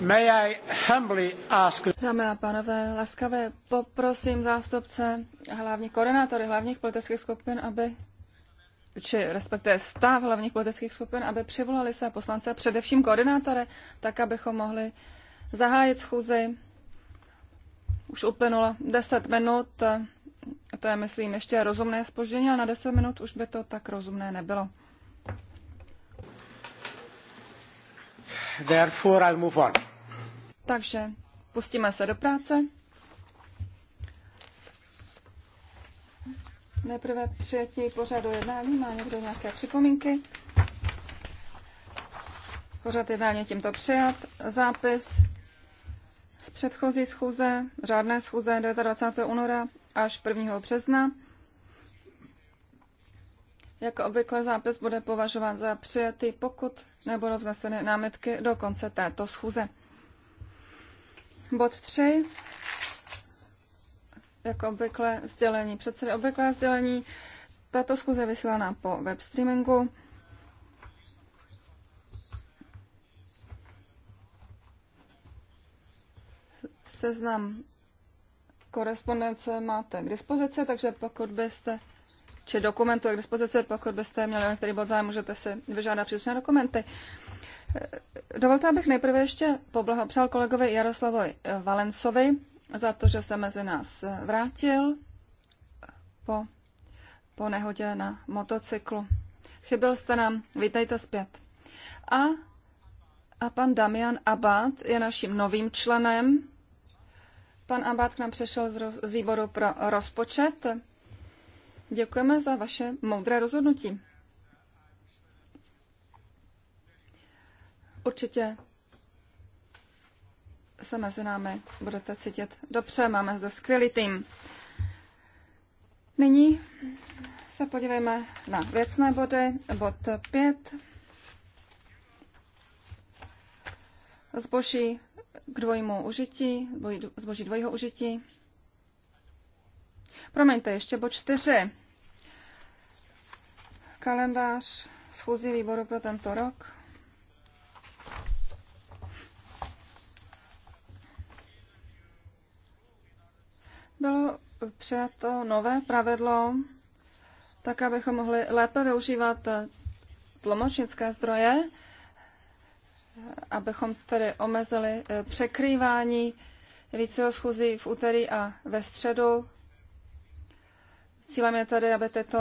Dámy a pánové, laskavě poprosím zástupce hlavní koordinátory hlavních politických skupin, aby či respektive stav hlavních politických skupin, aby přivolali své poslance, především koordinátory, tak, abychom mohli zahájit schůzi. Už uplynulo 10 minut, to je, myslím, ještě rozumné spoždění, ale na 10 minut už by to tak rozumné nebylo. Therefore, I'll move on. Takže pustíme se do práce. Nejprve přijetí pořadu jednání. Má někdo nějaké připomínky? Pořad jednání tímto přijat. Zápis z předchozí schůze, řádné schůze 29. února až 1. března. Jako obvykle zápis bude považován za přijatý, pokud nebudou vzneseny námitky do konce této schůze. Bod 3, jako obvykle sdělení předsedy, obvyklé sdělení. Tato schůze je vysílaná po web streamingu. Seznam korespondence máte k dispozici, takže pokud byste či dokumentu k dispozici, pokud byste měli některý bod zájem, můžete si vyžádat příslušné dokumenty. Dovolte, abych nejprve ještě poblahopřál kolegovi Jaroslavovi eh, Valencovi za to, že se mezi nás eh, vrátil po, po nehodě na motocyklu. Chyběl jste nám, vítejte zpět. A, a pan Damian Abad je naším novým členem. Pan Abad k nám přešel z, roz, z výboru pro rozpočet. Děkujeme za vaše moudré rozhodnutí. Určitě se mezi námi budete cítit dobře, máme zde skvělý tým. Nyní se podívejme na věcné body, bod 5. Zboží k dvojímu užití, zboží dvojího užití. Promiňte, ještě bod 4. Kalendář schůzí výboru pro tento rok. bylo přijato nové pravidlo, tak abychom mohli lépe využívat tlumočnické zdroje, abychom tedy omezili eh, překrývání více schůzí v úterý a ve středu. Cílem je tedy, aby tyto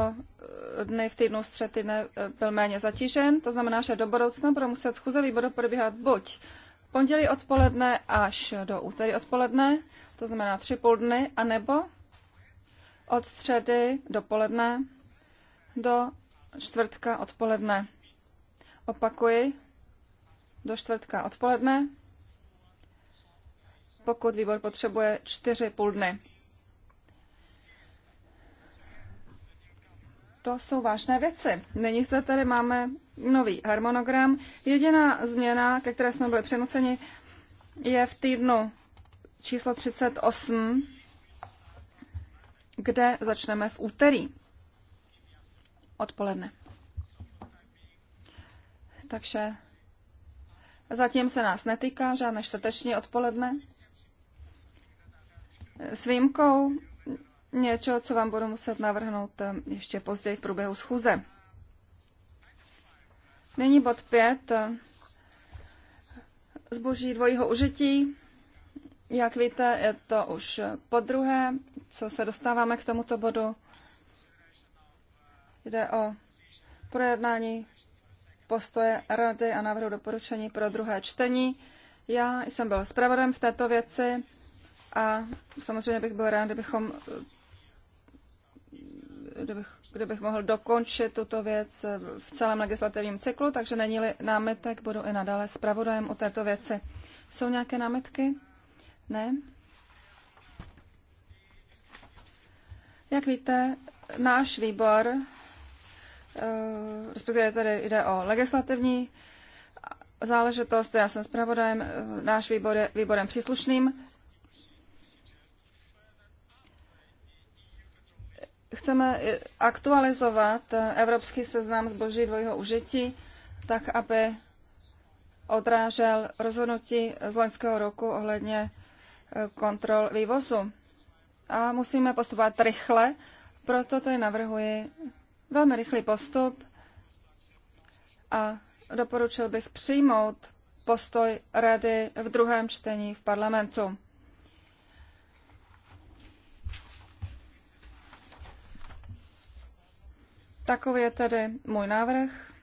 eh, dny v týdnu střed týdne eh, byl méně zatížen. To znamená, že do budoucna budou muset schůze výboru probíhat buď pondělí odpoledne až do úterý odpoledne, to znamená tři půl dny, anebo od středy dopoledne do čtvrtka odpoledne. Opakuji, do čtvrtka odpoledne, pokud výbor potřebuje čtyři půl dny. To jsou vážné věci. Nyní zde tady máme nový harmonogram. Jediná změna, ke které jsme byli přenuceni, je v týdnu číslo 38, kde začneme v úterý odpoledne. Takže zatím se nás netýká žádné čtvrteční odpoledne. S výjimkou něčeho, co vám budu muset navrhnout eh, ještě později v průběhu schůze. Nyní bod 5. Eh, zboží dvojího užití. Jak víte, je to už po druhé, co se dostáváme k tomuto bodu. Jde o projednání postoje rady a návrhu doporučení pro druhé čtení. Já jsem byl zpravodem v této věci a samozřejmě bych byl rád, kdybychom, kdybych, kdybych mohl dokončit tuto věc v celém legislativním cyklu, takže není-li námitek, budu i nadále zpravodajem u této věci. Jsou nějaké námitky? Ne? Jak víte, náš výbor, eh, respektive tady jde o legislativní záležitost, já jsem zpravodajem, eh, náš výbor je výborem příslušným. Chceme aktualizovat eh, evropský seznam zboží dvojího užití, tak aby odrážel rozhodnutí z loňského roku ohledně Eh, kontrol vývozu. A musíme postupovat rychle, proto tady navrhuji velmi rychlý postup a doporučil bych přijmout postoj Rady v druhém čtení v parlamentu. Takový je tedy můj návrh.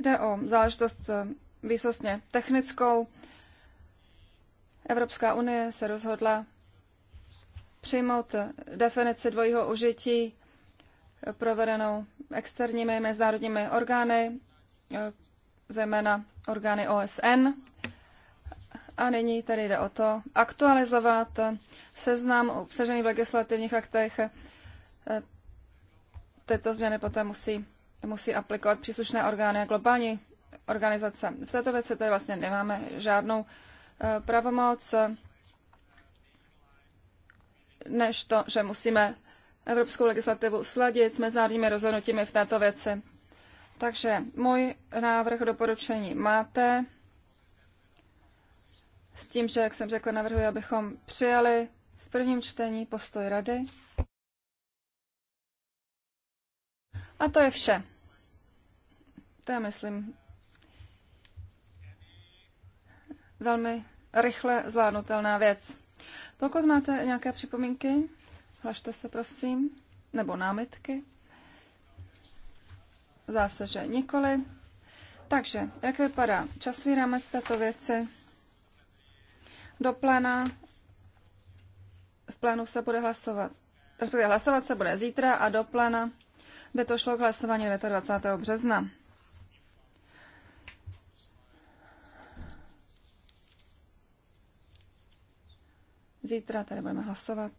Jde o záležitost eh, výsostně technickou. Evropská unie se rozhodla přijmout definici dvojího užití provedenou externími mezinárodními orgány, zejména orgány OSN. A nyní tedy jde o to aktualizovat seznam obsažený v legislativních aktech. Tyto změny poté musí, musí aplikovat příslušné orgány a globální organizace. V této věci tady vlastně nemáme žádnou pravomoc, než to, že musíme evropskou legislativu sladit s mezinárodními rozhodnutími v této věci. Takže můj návrh doporučení máte s tím, že, jak jsem řekla, navrhuji, abychom přijali v prvním čtení postoj rady. A to je vše. To je, myslím, velmi rychle zvládnutelná věc. Pokud máte nějaké připomínky, hlašte se prosím, nebo námitky. Zdá se, že nikoli. Takže, jak vypadá časový rámec této věci? Do pléna v plénu se bude hlasovat, Takže hlasovat se bude zítra a do pléna by to šlo k hlasování 29. března. Zítra tady budeme hlasovat.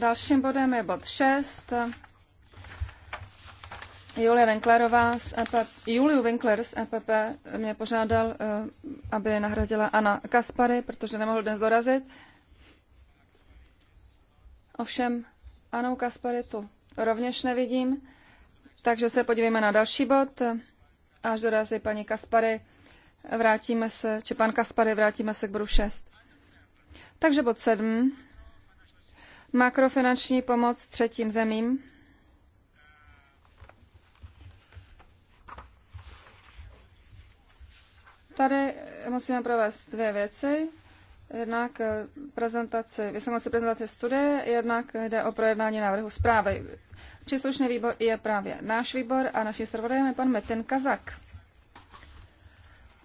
Dalším bodem je bod 6. Julia Winklerová z EP, Juliu Winkler z EPP mě požádal, eh, aby nahradila Ana Kaspary, protože nemohl dnes dorazit. Ovšem Anou Kaspary tu rovněž nevidím, takže se podívejme na další bod. Až dorazí paní Kaspary, vrátíme se, či pan Kaspary, vrátíme se k bodu 6. Takže bod 7. Makrofinanční pomoc třetím zemím. Tady musíme provést dvě věci. Jednak eh, prezentaci, vysomoci prezentaci studie, jednak jde o projednání návrhu zprávy. Příslušný výbor je právě náš výbor a naším zpravodajem je pan Metin Kazak.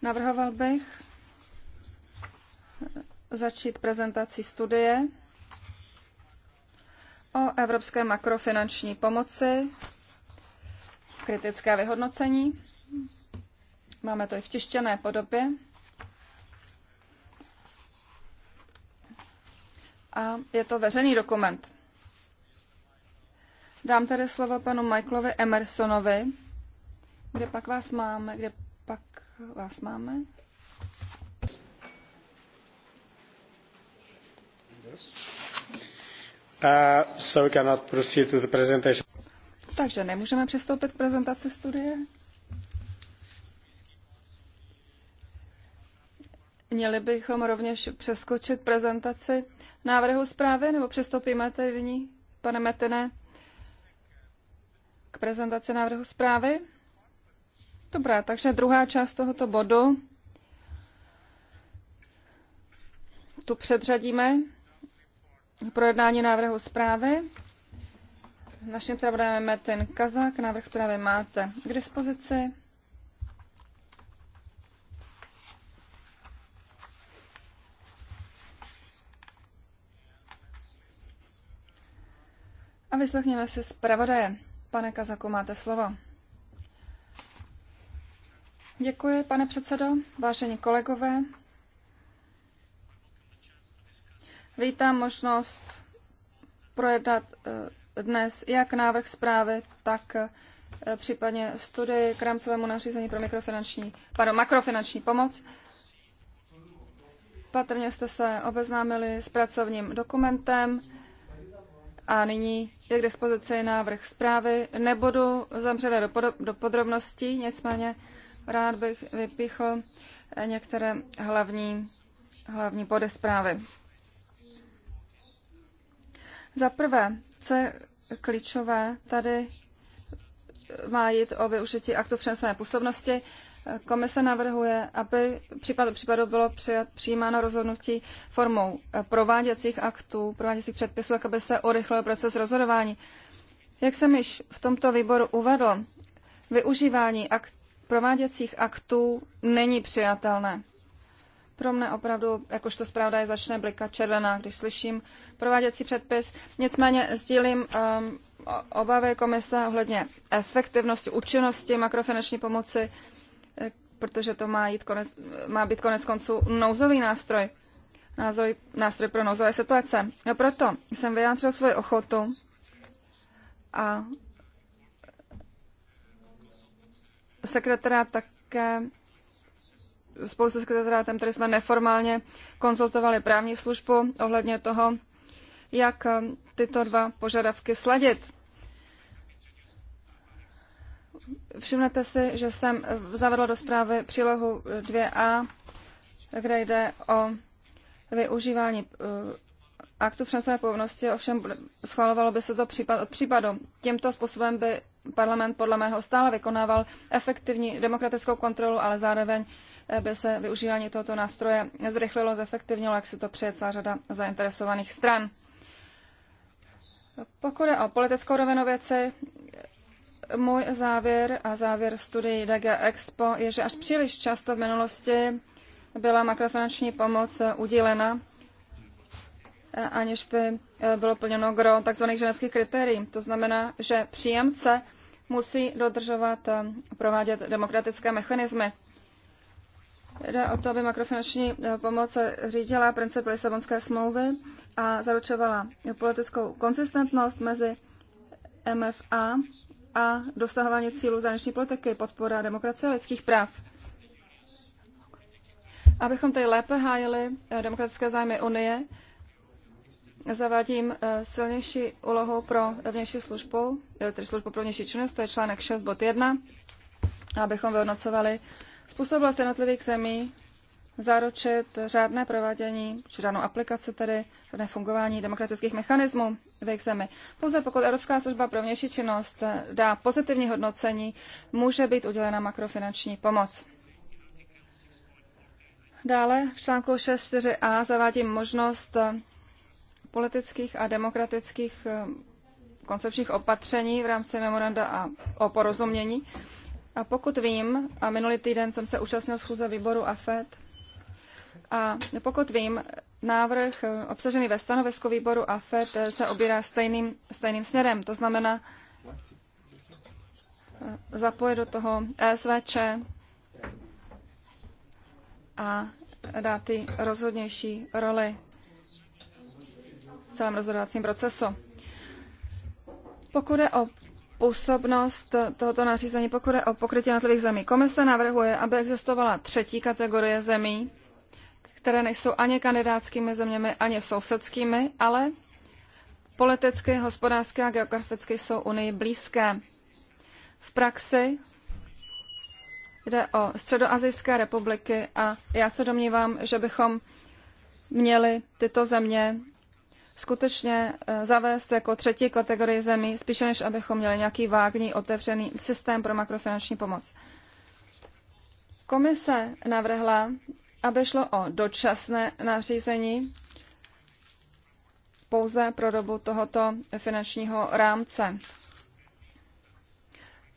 Navrhoval bych začít prezentací studie o evropské makrofinanční pomoci, kritické vyhodnocení. Máme to i v tištěné podobě. A je to veřejný dokument. Dám tedy slovo panu Michaelovi Emersonovi, kde pak vás máme, kde pak vás máme. Uh, so we cannot proceed to the presentation. Takže nemůžeme přistoupit k prezentaci studie. Měli bychom rovněž přeskočit prezentaci návrhu zprávy, nebo přistoupíme tedy nyní, pane Metene, k prezentaci návrhu zprávy? Dobrá, takže druhá část tohoto bodu tu předřadíme projednání návrhu zprávy. Naším zpravodajem je ten Kazak. Návrh zprávy máte k dispozici. A vyslechněme si zpravodaje. Pane Kazaku, máte slovo. Děkuji, pane předsedo, vážení kolegové. Vítám možnost projednat eh, dnes jak návrh zprávy, tak eh, případně studii k rámcovému nařízení pro mikrofinanční, pardon, makrofinanční pomoc. Patrně jste se obeznámili s pracovním dokumentem a nyní je k dispozici návrh zprávy. Nebudu zamřela do, do podrobností, nicméně rád bych vypichl některé hlavní, hlavní body zprávy. Za prvé, co je klíčové, tady má jít o využití aktu přenesené působnosti. Komise navrhuje, aby případ případu bylo přijat, přijímáno rozhodnutí formou prováděcích aktů, prováděcích předpisů, jak aby se urychlil proces rozhodování. Jak jsem již v tomto výboru uvedl, využívání aktů prováděcích aktů není přijatelné. Pro mne opravdu, jakožto je začne blikat červená, když slyším prováděcí předpis. Nicméně sdílím um, obavy komise ohledně efektivnosti, účinnosti makrofinanční pomoci, eh, protože to má, jít konec, má být konec konců nouzový nástroj, nástroj, nástroj pro nouzové situace. No proto jsem vyjádřil svoji ochotu a Sekretariát také spolu se sekretariátem, tady jsme neformálně konzultovali právní službu ohledně toho, jak eh, tyto dva požadavky sladit. Všimnete si, že jsem eh, zavedla do zprávy přílohu 2a, kde jde o využívání eh, aktu přenesené povinnosti, ovšem schvalovalo by se to případ od případu. Tímto způsobem by parlament podle mého stále vykonával efektivní demokratickou kontrolu, ale zároveň eh, by se využívání tohoto nástroje zrychlilo, zefektivnilo, jak si to přeje celá řada zainteresovaných stran. Pokud je o politickou rovinu věci, můj závěr a závěr studií DG Expo je, že až příliš často v minulosti byla makrofinanční pomoc eh, udělena aniž by eh, bylo plněno gro tzv. ženevských kritérií. To znamená, že příjemce musí dodržovat eh, provádět demokratické mechanismy. Jde o to, aby makrofinanční eh, pomoc řídila princip Lisabonské smlouvy a zaručovala politickou konzistentnost mezi MFA a dosahování cílů zahraniční politiky, podpora demokracie a lidských práv. Abychom tady lépe hájili demokratické zájmy Unie, zavádím eh, silnější úlohu pro vnější službu, eh, tedy službu pro vnější činnost, to je článek 6 bod 1, abychom vyhodnocovali způsobilost vlastně jednotlivých zemí zaručit řádné provádění, či řádnou aplikaci tedy, řádné fungování demokratických mechanismů v jejich zemi. Pouze pokud Evropská služba pro vnější činnost eh, dá pozitivní hodnocení, může být udělena makrofinanční pomoc. Dále v článku 6.4a zavádím možnost politických a demokratických eh, koncepčních opatření v rámci memoranda a o porozumění. A pokud vím, a minulý týden jsem se účastnil schůze výboru AFED, a pokud vím, návrh eh, obsažený ve stanovisku výboru AFED eh, se obírá stejným, stejným směrem. To znamená zapojit do toho ESVČ a dát ty rozhodnější roli celém rozhodovacím procesu. Pokud je o působnost tohoto nařízení, pokud je o pokrytí jednotlivých zemí, komise navrhuje, aby existovala třetí kategorie zemí, které nejsou ani kandidátskými zeměmi, ani sousedskými, ale politicky, hospodářsky a geograficky jsou Unii blízké. V praxi jde o středoazijské republiky a já se domnívám, že bychom měli tyto země skutečně eh, zavést jako třetí kategorii zemí, spíše než abychom měli nějaký vágní otevřený systém pro makrofinanční pomoc. Komise navrhla, aby šlo o dočasné nařízení pouze pro dobu tohoto finančního rámce.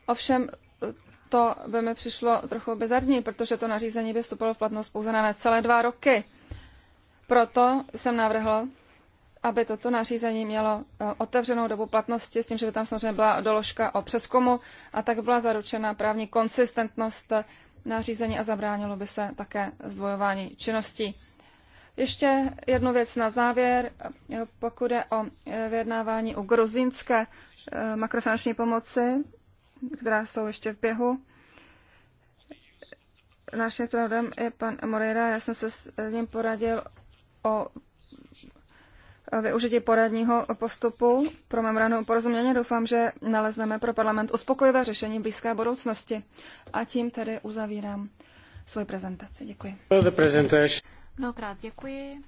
Ovšem eh, to by mi přišlo trochu bizarní, protože to nařízení by vstupilo v platnost pouze na necelé dva roky. Proto jsem navrhl, aby toto nařízení mělo eh, otevřenou dobu platnosti, s tím, že by tam samozřejmě byla doložka o přeskumu a tak byla zaručena právní konsistentnost nařízení a zabránilo by se také zdvojování činností. Ještě jednu věc na závěr, eh, pokud je o eh, vyjednávání u gruzínské makrofinanční pomoci, která jsou ještě v běhu. Naším pravdem je pan Moreira, já jsem se s ním poradil o využití poradního postupu pro memorandum porozumění. Doufám, že nalezneme pro parlament uspokojivé řešení blízké budoucnosti. A tím tedy uzavírám svoji prezentaci. Děkuji. Mnohokrát děkuji.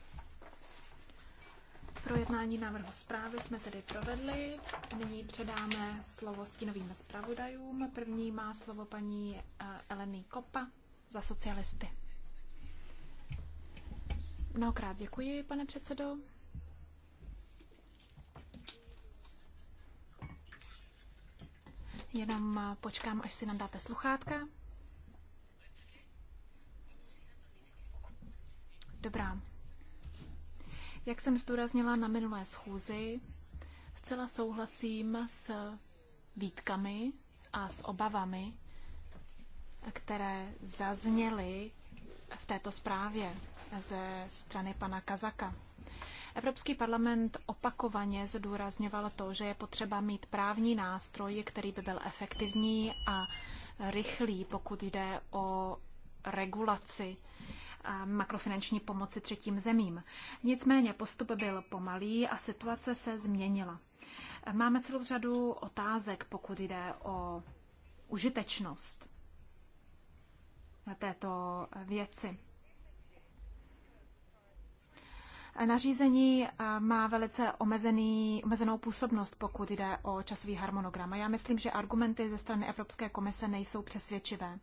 Projednání návrhu zprávy jsme tedy provedli. Nyní předáme slovo stínovým zpravodajům. První má slovo paní eh, Eleny Kopa za socialisty. Mnohokrát děkuji, pane předsedo. Jenom eh, počkám, až si nám dáte sluchátka. Dobrá. Jak jsem zdůraznila na minulé schůzi, zcela souhlasím s výtkami a s obavami, které zazněly v této zprávě ze strany pana Kazaka. Evropský parlament opakovaně zdůrazňoval to, že je potřeba mít právní nástroj, který by byl efektivní a rychlý, pokud jde o regulaci makrofinanční pomoci třetím zemím. Nicméně postup byl pomalý a situace se změnila. Máme celou řadu otázek, pokud jde o užitečnost této věci. Nařízení eh, má velice omezený, omezenou působnost, pokud jde o časový harmonogram. A já myslím, že argumenty ze strany Evropské komise nejsou přesvědčivé.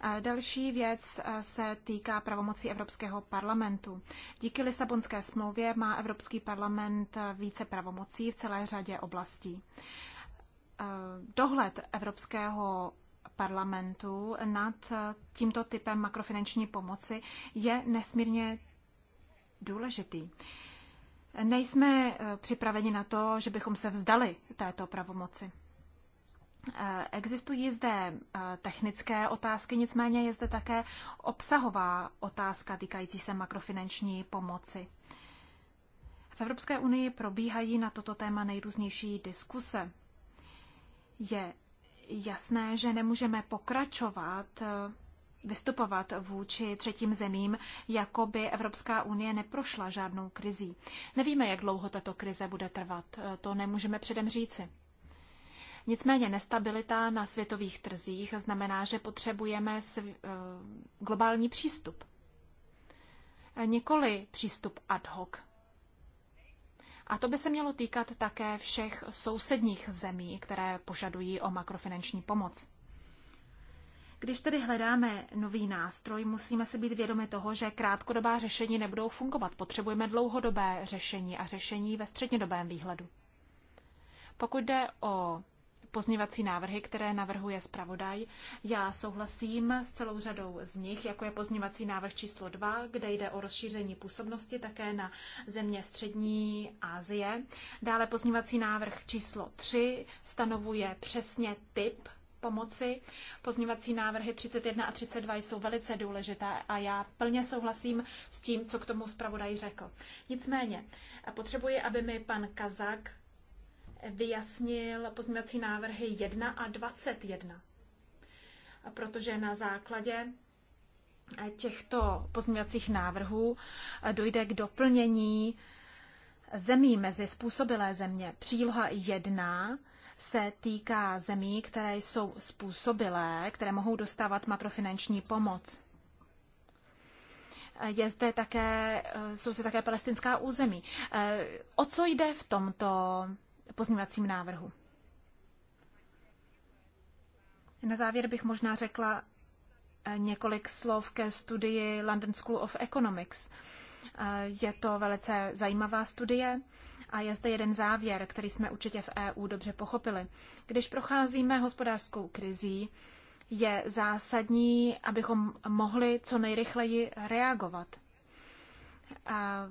Eh, další věc eh, se týká pravomocí Evropského parlamentu. Díky Lisabonské smlouvě má Evropský parlament více pravomocí v celé řadě oblastí. Dohled Evropského parlamentu nad tímto typem makrofinanční pomoci je nesmírně důležitý. Nejsme eh, připraveni na to, že bychom se vzdali této pravomoci. Eh, existují zde eh, technické otázky, nicméně je zde také obsahová otázka týkající se makrofinanční pomoci. V Evropské unii probíhají na toto téma nejrůznější diskuse. Je jasné, že nemůžeme pokračovat vystupovat vůči třetím zemím, jako by Evropská unie neprošla žádnou krizí. Nevíme, jak dlouho tato krize bude trvat, to nemůžeme předem říci. Nicméně nestabilita na světových trzích znamená, že potřebujeme eh, globální přístup. Nikoli přístup ad hoc. A to by se mělo týkat také všech sousedních zemí, které požadují o makrofinanční pomoc. Když tedy hledáme nový nástroj, musíme se být vědomi toho, že krátkodobá řešení nebudou fungovat. Potřebujeme dlouhodobé řešení a řešení ve střednědobém výhledu. Pokud jde o pozměvací návrhy, které navrhuje zpravodaj. Já souhlasím s celou řadou z nich, jako je pozměvací návrh číslo 2, kde jde o rozšíření působnosti také na země střední Asie. Dále pozměvací návrh číslo 3 stanovuje přesně typ pomoci. Pozměňovací návrhy 31 a 32 jsou velice důležité a já plně souhlasím s tím, co k tomu zpravodaj řekl. Nicméně, potřebuji, aby mi pan Kazak vyjasnil pozměňovací návrhy 1 a 21, protože na základě těchto pozměňovacích návrhů dojde k doplnění zemí mezi způsobilé země. Příloha 1 se týká zemí, které jsou způsobilé, které mohou dostávat makrofinanční pomoc. Je zde také, jsou zde také palestinská území. O co jde v tomto pozměňovacím návrhu? Na závěr bych možná řekla eh, několik slov ke studii London School of Economics. Je to velice zajímavá studie. A je zde jeden závěr, který jsme určitě v EU dobře pochopili. Když procházíme hospodářskou krizí, je zásadní, abychom mohli co nejrychleji reagovat. A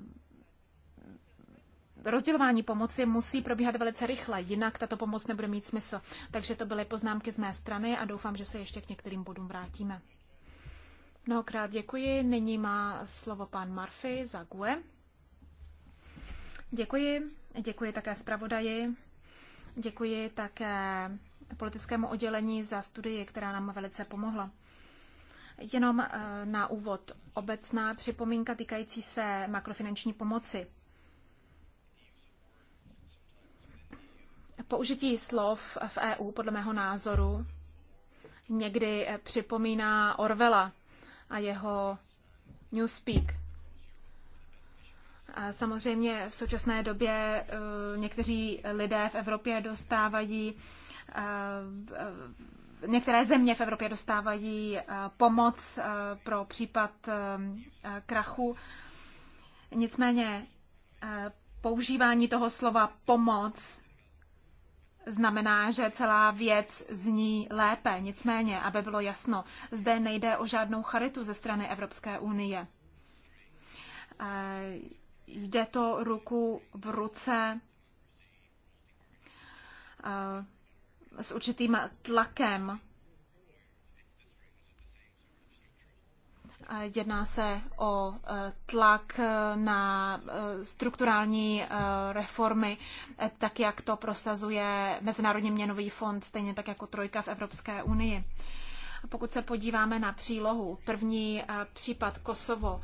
rozdělování pomoci musí probíhat velice rychle, jinak tato pomoc nebude mít smysl. Takže to byly poznámky z mé strany a doufám, že se ještě k některým bodům vrátíme. Mnohokrát děkuji. Nyní má slovo pan Murphy za GUE. Děkuji. Děkuji také zpravodaji. Děkuji také politickému oddělení za studii, která nám velice pomohla. Jenom eh, na úvod obecná připomínka týkající se makrofinanční pomoci. Použití slov v EU podle mého názoru někdy eh, připomíná Orvela a jeho Newspeak. A samozřejmě v současné době eh, někteří lidé v Evropě dostávají eh, eh, některé země v Evropě dostávají pomoc pro případ krachu. Nicméně používání toho slova pomoc znamená, že celá věc zní lépe. Nicméně, aby bylo jasno, zde nejde o žádnou charitu ze strany Evropské unie. Eh, jde to ruku v ruce eh, s určitým tlakem Jedná se o e, tlak e, na e, strukturální reformy, tak jak to prosazuje Mezinárodní měnový fond, stejně tak jako Trojka v Evropské unii. Pokud se podíváme na přílohu, první případ Kosovo,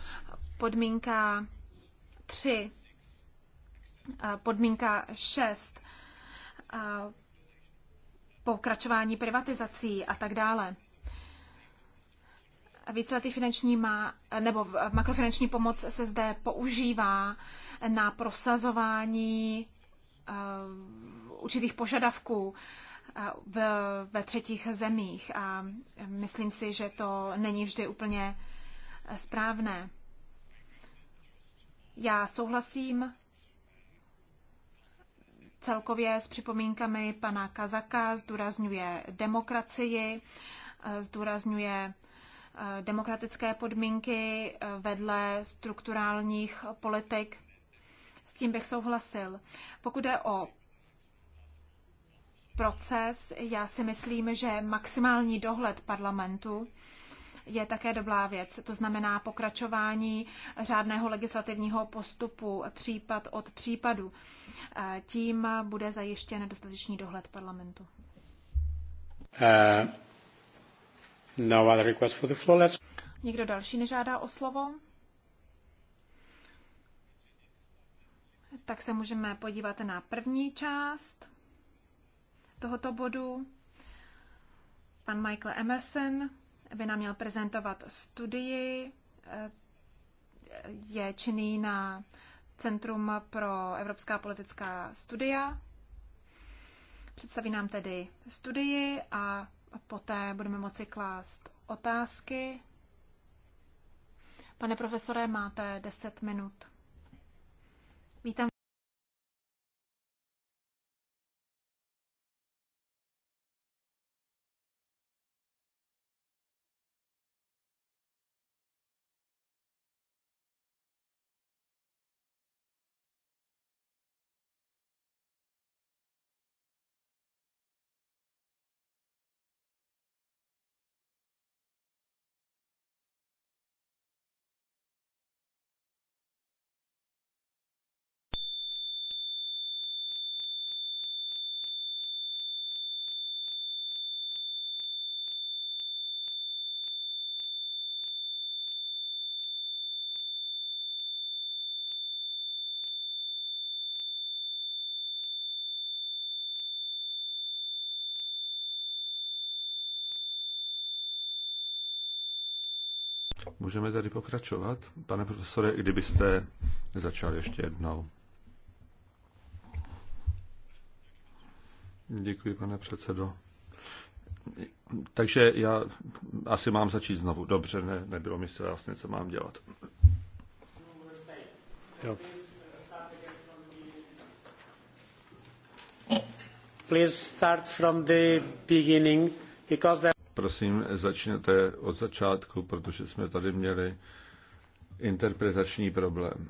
podmínka 3, podmínka 6, pokračování privatizací a tak dále. Víceletý finanční má, nebo makrofinanční pomoc se zde používá na prosazování eh, určitých požadavků eh, ve třetích zemích a myslím si, že to není vždy úplně eh, správné. Já souhlasím celkově s připomínkami pana Kazaka, zdůrazňuje demokracii, zdůrazňuje Eh, demokratické podmínky eh, vedle strukturálních politik. S tím bych souhlasil. Pokud jde o proces, já si myslím, že maximální dohled parlamentu je také dobrá věc. To znamená pokračování řádného legislativního postupu případ od případu. Eh, tím bude zajištěn dostatečný dohled parlamentu. Uh... No other request for the floor. Let's... Někdo další nežádá o slovo? Tak se můžeme podívat na první část tohoto bodu. Pan Michael Emerson by nám měl prezentovat studii, eh, je činný na Centrum pro evropská politická studia. Představí nám tedy studii a poté budeme moci klást otázky. Pane profesore, máte 10 minut. Vítám Můžeme tady pokračovat? Pane profesore, kdybyste začal ještě jednou. Děkuji, pane předsedo. Takže já asi mám začít znovu. Dobře, ne, nebylo mi se jasné, vlastně, co mám dělat. Jo. Please start from the beginning, because there prosím, začněte od začátku, protože jsme tady měli interpretační problém.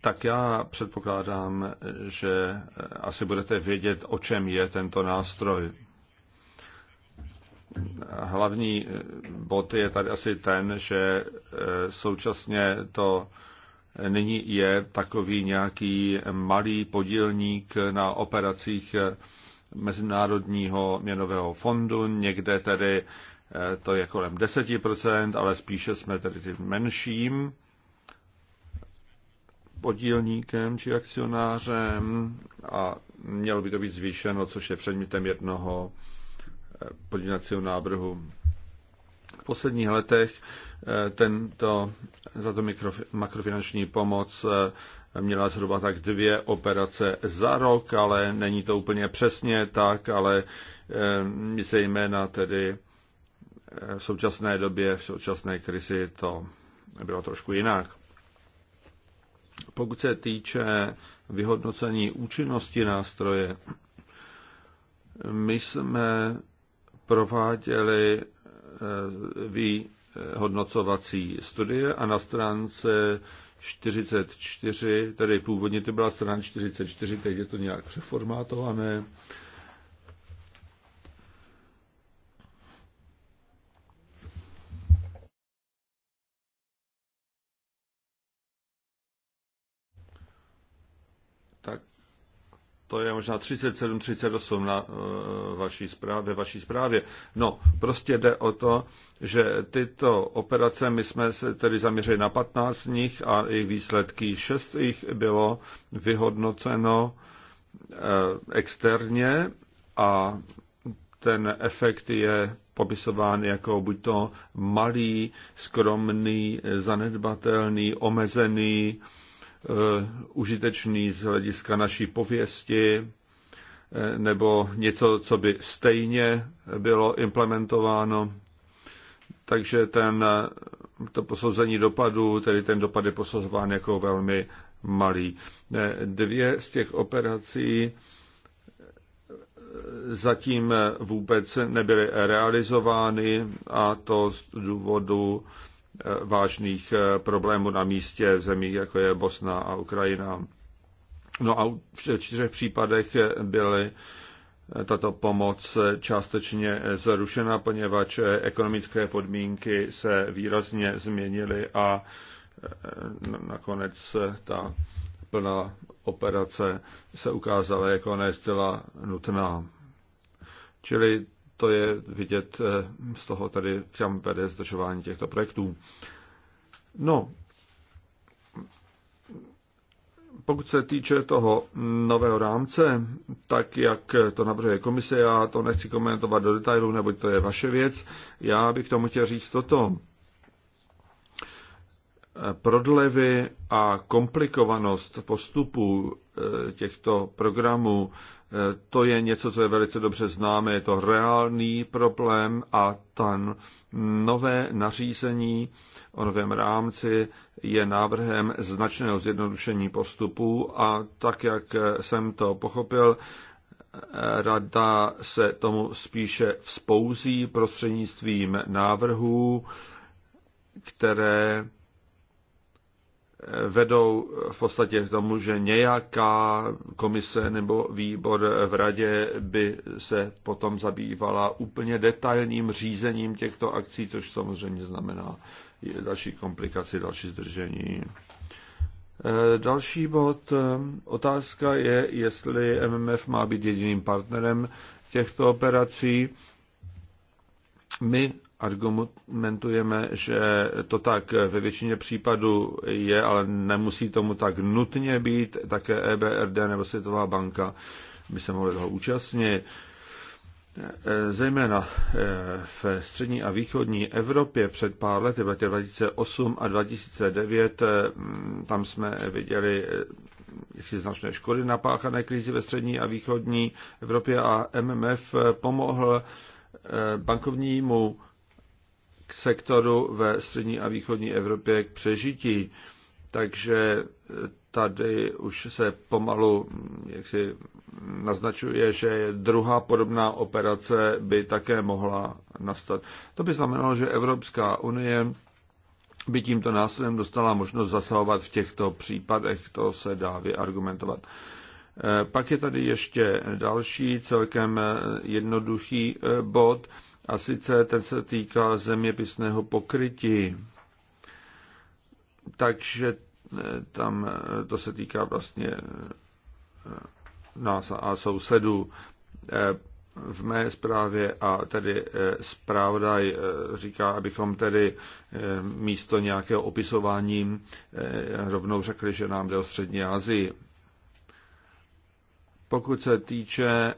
Tak já předpokládám, že asi budete vědět, o čem je tento nástroj. Hlavní bod je tady asi ten, že současně to nyní je takový nějaký malý podílník na operacích Mezinárodního měnového fondu, někde tedy eh, to je kolem 10%, ale spíše jsme tedy tím menším podílníkem či akcionářem a mělo by to být zvýšeno, což je předmětem jednoho eh, podílnacího návrhu. V posledních letech Eh, tento, tato makrofinanční pomoc eh, měla zhruba tak dvě operace za rok, ale není to úplně přesně tak, ale zejména eh, tedy v současné době, v současné krizi to bylo trošku jinak. Pokud se týče vyhodnocení účinnosti nástroje, my jsme prováděli hodnocovací studie a na stránce 44, tedy původně to byla strana 44, teď je to nějak přeformátované, to je možná 37, 38 na eh, vaší zprávě, ve vaší zprávě. No, prostě jde o to, že tyto operace, my jsme se tedy zaměřili na 15 z nich a jejich výsledky 6 jich bylo vyhodnoceno eh, externě a ten efekt je popisován jako buď to malý, skromný, zanedbatelný, omezený, Eh, užitečný z hlediska naší pověsti, eh, nebo něco, co by stejně bylo implementováno. Takže ten, eh, to posouzení dopadu, tedy ten dopad je posouzován jako velmi malý. Dvě z těch operací zatím vůbec nebyly realizovány a to z důvodu Eh, vážných eh, problémů na místě v zemích, jako je Bosna a Ukrajina. No a v čtyřech případech byly eh, tato pomoc částečně zrušena, poněvadž ekonomické podmínky se výrazně změnily a nakonec ta plná operace se ukázala jako nezcela nutná. Čili to je vidět eh, z toho tady, kam vede zdržování těchto projektů. No, pokud se týče toho nového rámce, tak jak to navrhuje komise, já to nechci komentovat do detailu, neboť to je vaše věc. Já bych tomu chtěl říct toto. Prodlevy a komplikovanost postupu eh, těchto programů to je něco, co je velice dobře známé, je to reálný problém a ten nové nařízení o novém rámci je návrhem značného zjednodušení postupů a tak, jak jsem to pochopil, rada se tomu spíše vzpouzí prostřednictvím návrhů, které vedou v podstatě k tomu, že nějaká komise nebo výbor v radě by se potom zabývala úplně detailním řízením těchto akcí, což samozřejmě znamená další komplikaci, další zdržení. Eh, další bod, eh, otázka je, jestli MMF má být jediným partnerem těchto operací. My argumentujeme, že to tak ve většině případů je, ale nemusí tomu tak nutně být, také EBRD nebo Světová banka by se mohly toho účastnit. Zejména eh, v střední a východní Evropě před pár lety, v letě 2008 a 2009, eh, mm, tam jsme viděli eh, jaksi značné škody napáchané krizi ve střední a východní Evropě a MMF pomohl bankovnímu k sektoru ve střední a východní Evropě k přežití. Takže eh, tady už se pomalu mm, jak si naznačuje, že druhá podobná operace by také mohla nastat. To by znamenalo, že Evropská unie by tímto nástrojem dostala možnost zasahovat v těchto případech. To se dá vyargumentovat. Eh, pak je tady ještě další celkem eh, jednoduchý bod a sice ten se týká zeměpisného pokrytí. Takže eh, tam eh, to se týká vlastně eh, nás a sousedů. V mé zprávě a tedy zpravodaj říká, abychom tedy místo nějakého opisování rovnou řekli, že nám jde o střední Asii. Pokud se týče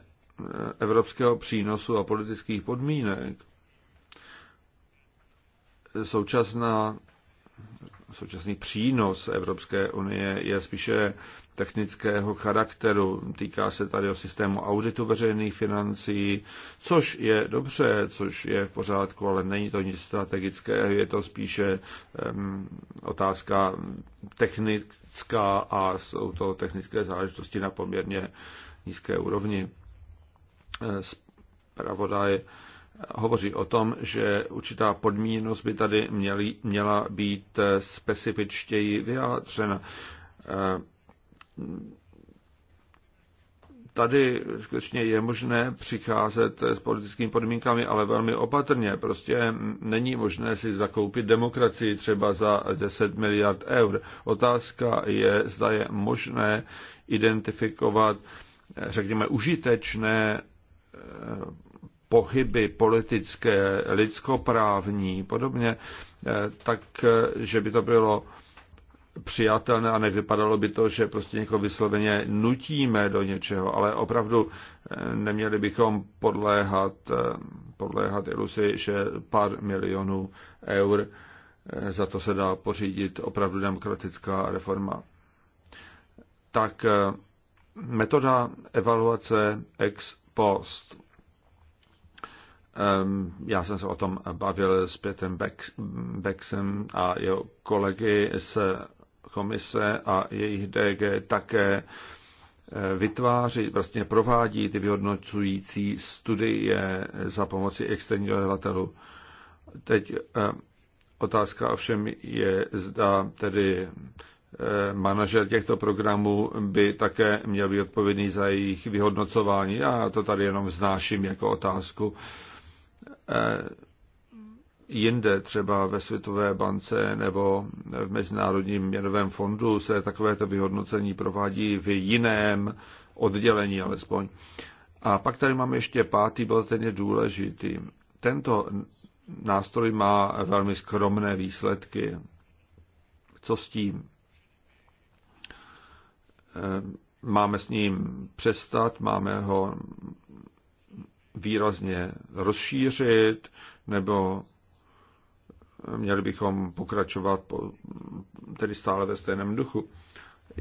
evropského přínosu a politických podmínek, současná, současný přínos Evropské unie je spíše technického charakteru. Týká se tady o systému auditu veřejných financí, což je dobře, což je v pořádku, ale není to nic strategického, je to spíše um, otázka technická a jsou to technické záležitosti na poměrně nízké úrovni. Zpravodaj hovoří o tom, že určitá podmíněnost by tady měli, měla být eh, specifičtěji vyjádřena. Eh, tady skutečně je možné přicházet s politickými podmínkami, ale velmi opatrně. Prostě není možné si zakoupit demokracii třeba za 10 miliard eur. Otázka je, zda je možné identifikovat, eh, řekněme, užitečné Eh, pohyby politické, lidskoprávní, podobně, eh, tak, eh, že by to bylo přijatelné a nevypadalo by to, že prostě někoho vysloveně nutíme do něčeho, ale opravdu neměli bychom podléhat, podléhat iluzi, že pár milionů eur za to se dá pořídit opravdu demokratická reforma. Tak metoda evaluace ex post. Já jsem se o tom bavil s Pětem Bexem a jeho kolegy z komise a jejich DG také eh, vytváří, vlastně provádí ty vyhodnocující studie za pomoci externího dodavatelů. Teď eh, otázka ovšem je, zda tedy Eh, manažer těchto programů by také měl být odpovědný za jejich vyhodnocování. Já to tady jenom vznáším jako otázku. Eh, jinde, třeba ve Světové bance nebo v Mezinárodním měnovém fondu, se takovéto vyhodnocení provádí v jiném oddělení alespoň. A pak tady máme ještě pátý bod, ten je důležitý. Tento nástroj má velmi skromné výsledky. Co s tím? Eh, máme s ním přestat, máme ho výrazně rozšířit, nebo měli bychom pokračovat po, tedy stále ve stejném duchu.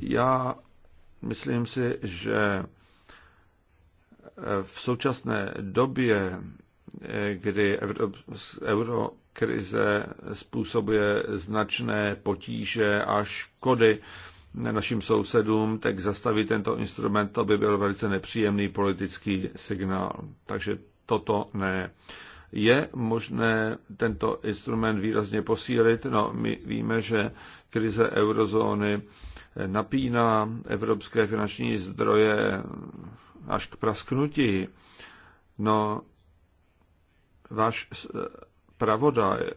Já myslím si, že eh, v současné době, eh, kdy eurokrize způsobuje značné potíže a škody, našim sousedům, tak zastavit tento instrument, to by byl velice nepříjemný politický signál. Takže toto ne. Je možné tento instrument výrazně posílit? No, my víme, že krize eurozóny napíná evropské finanční zdroje až k prasknutí. No, váš pravodaj eh,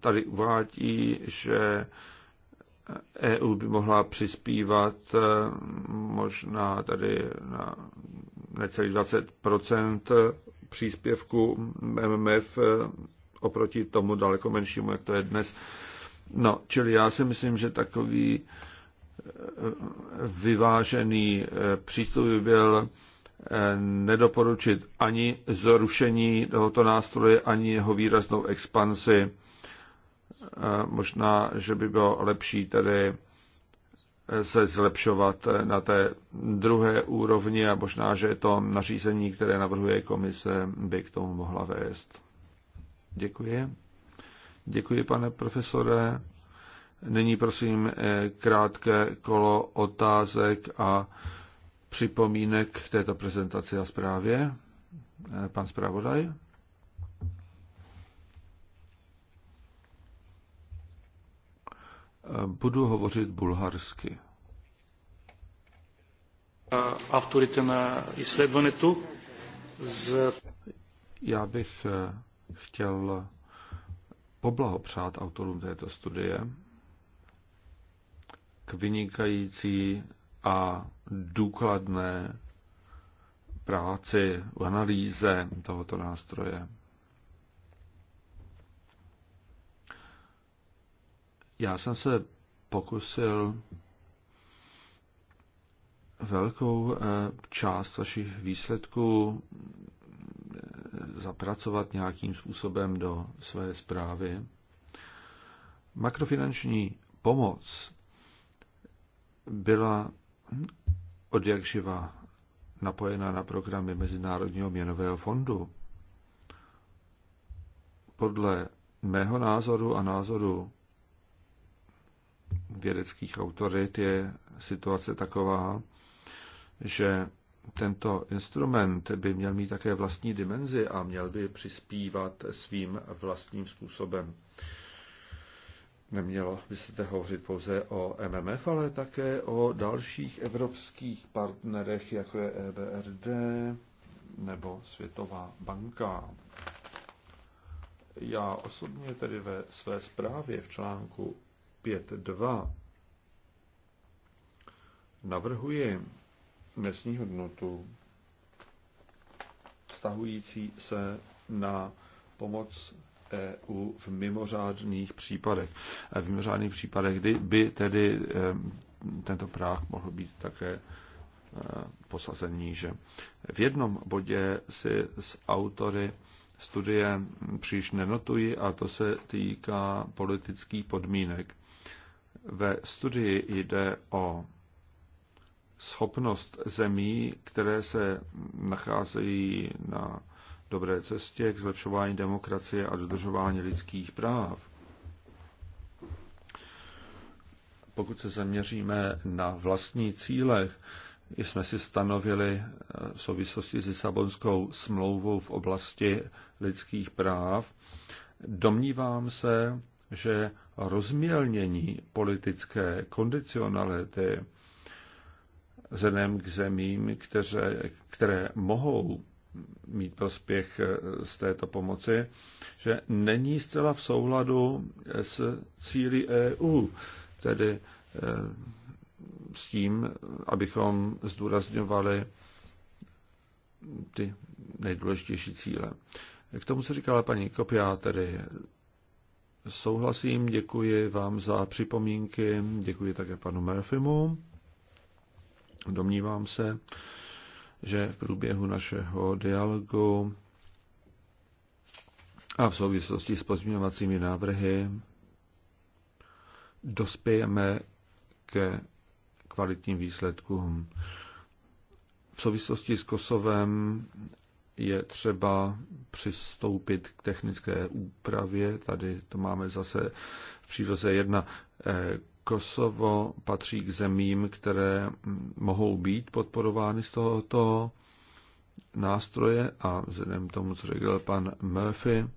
tady uvádí, že EU by mohla přispívat e, možná tady na necelých 20 příspěvku MMF e, oproti tomu daleko menšímu, jak to je dnes. No, čili já si myslím, že takový e, vyvážený přístup by byl nedoporučit ani zrušení tohoto nástroje, ani jeho výraznou expanzi Eh, možná, že by bylo lepší tedy eh, se zlepšovat eh, na té druhé úrovni a možná, že to nařízení, které navrhuje komise, by k tomu mohla vést. Děkuji. Děkuji, pane profesore. Nyní prosím krátké kolo otázek a připomínek k této prezentaci a zprávě. Pan zpravodaj. Budu hovořit bulharsky. Авторите на изследването за... Já bych eh, chtěl poblahopřát autorům této studie k vynikající a důkladné práci v analýze tohoto nástroje. Já jsem se pokusil velkou eh, část vašich výsledků eh, zapracovat nějakým způsobem do své zprávy. Makrofinanční pomoc byla od jak živa napojena na programy Mezinárodního měnového fondu. Podle mého názoru a názoru vědeckých autorit je situace taková, že tento instrument by měl mít také vlastní dimenzi a měl by přispívat svým vlastním způsobem. Nemělo by se hovořit pouze o MMF, ale také o dalších evropských partnerech, jako je EBRD nebo Světová banka. Já osobně tedy ve své zprávě v článku 5.2 navrhuji dnesní hodnotu vztahující se na pomoc EU v mimořádných případech. E, v mimořádných případech, kdy by tedy e, tento práh mohl být také e, posazení, že v jednom bodě si s autory studie příliš nenotuji a to se týká politických podmínek. Ve studii jde o schopnost zemí, které se nacházejí na dobré cestě k zlepšování demokracie a dodržování lidských práv. Pokud se zaměříme na vlastní cíle, jsme si stanovili eh, v souvislosti s Lisabonskou smlouvou v oblasti lidských práv, domnívám se, že rozmělnění politické kondicionality vzhledem k zemím, které, které mohou mít prospěch z této pomoci, že není zcela v souladu s cíly EU, tedy eh, s tím, abychom zdůrazňovali ty nejdůležitější cíle. K tomu, co říkala paní Kopia, tedy Souhlasím, děkuji vám za připomínky, děkuji také panu Murphymu. Domnívám se, že v průběhu našeho dialogu a v souvislosti s pozměňovacími návrhy dospějeme ke kvalitním výsledkům. V souvislosti s Kosovem je třeba přistoupit k technické úpravě. Tady to máme zase v příloze 1. Eh, Kosovo patří k zemím, které mm, mohou být podporovány z tohoto nástroje a vzhledem tomu, co řekl pan Murphy,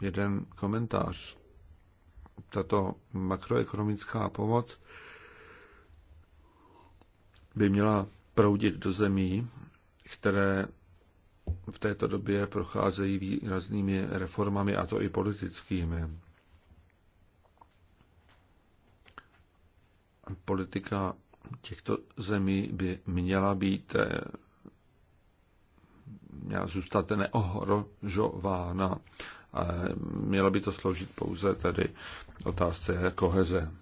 jeden komentář. Tato makroekonomická pomoc by měla proudit do zemí, které v této době procházejí výraznými reformami, a to i politickými. Politika těchto zemí by měla být eh, měla zůstat neohrožována. měla by to sloužit pouze tedy otázce koheze.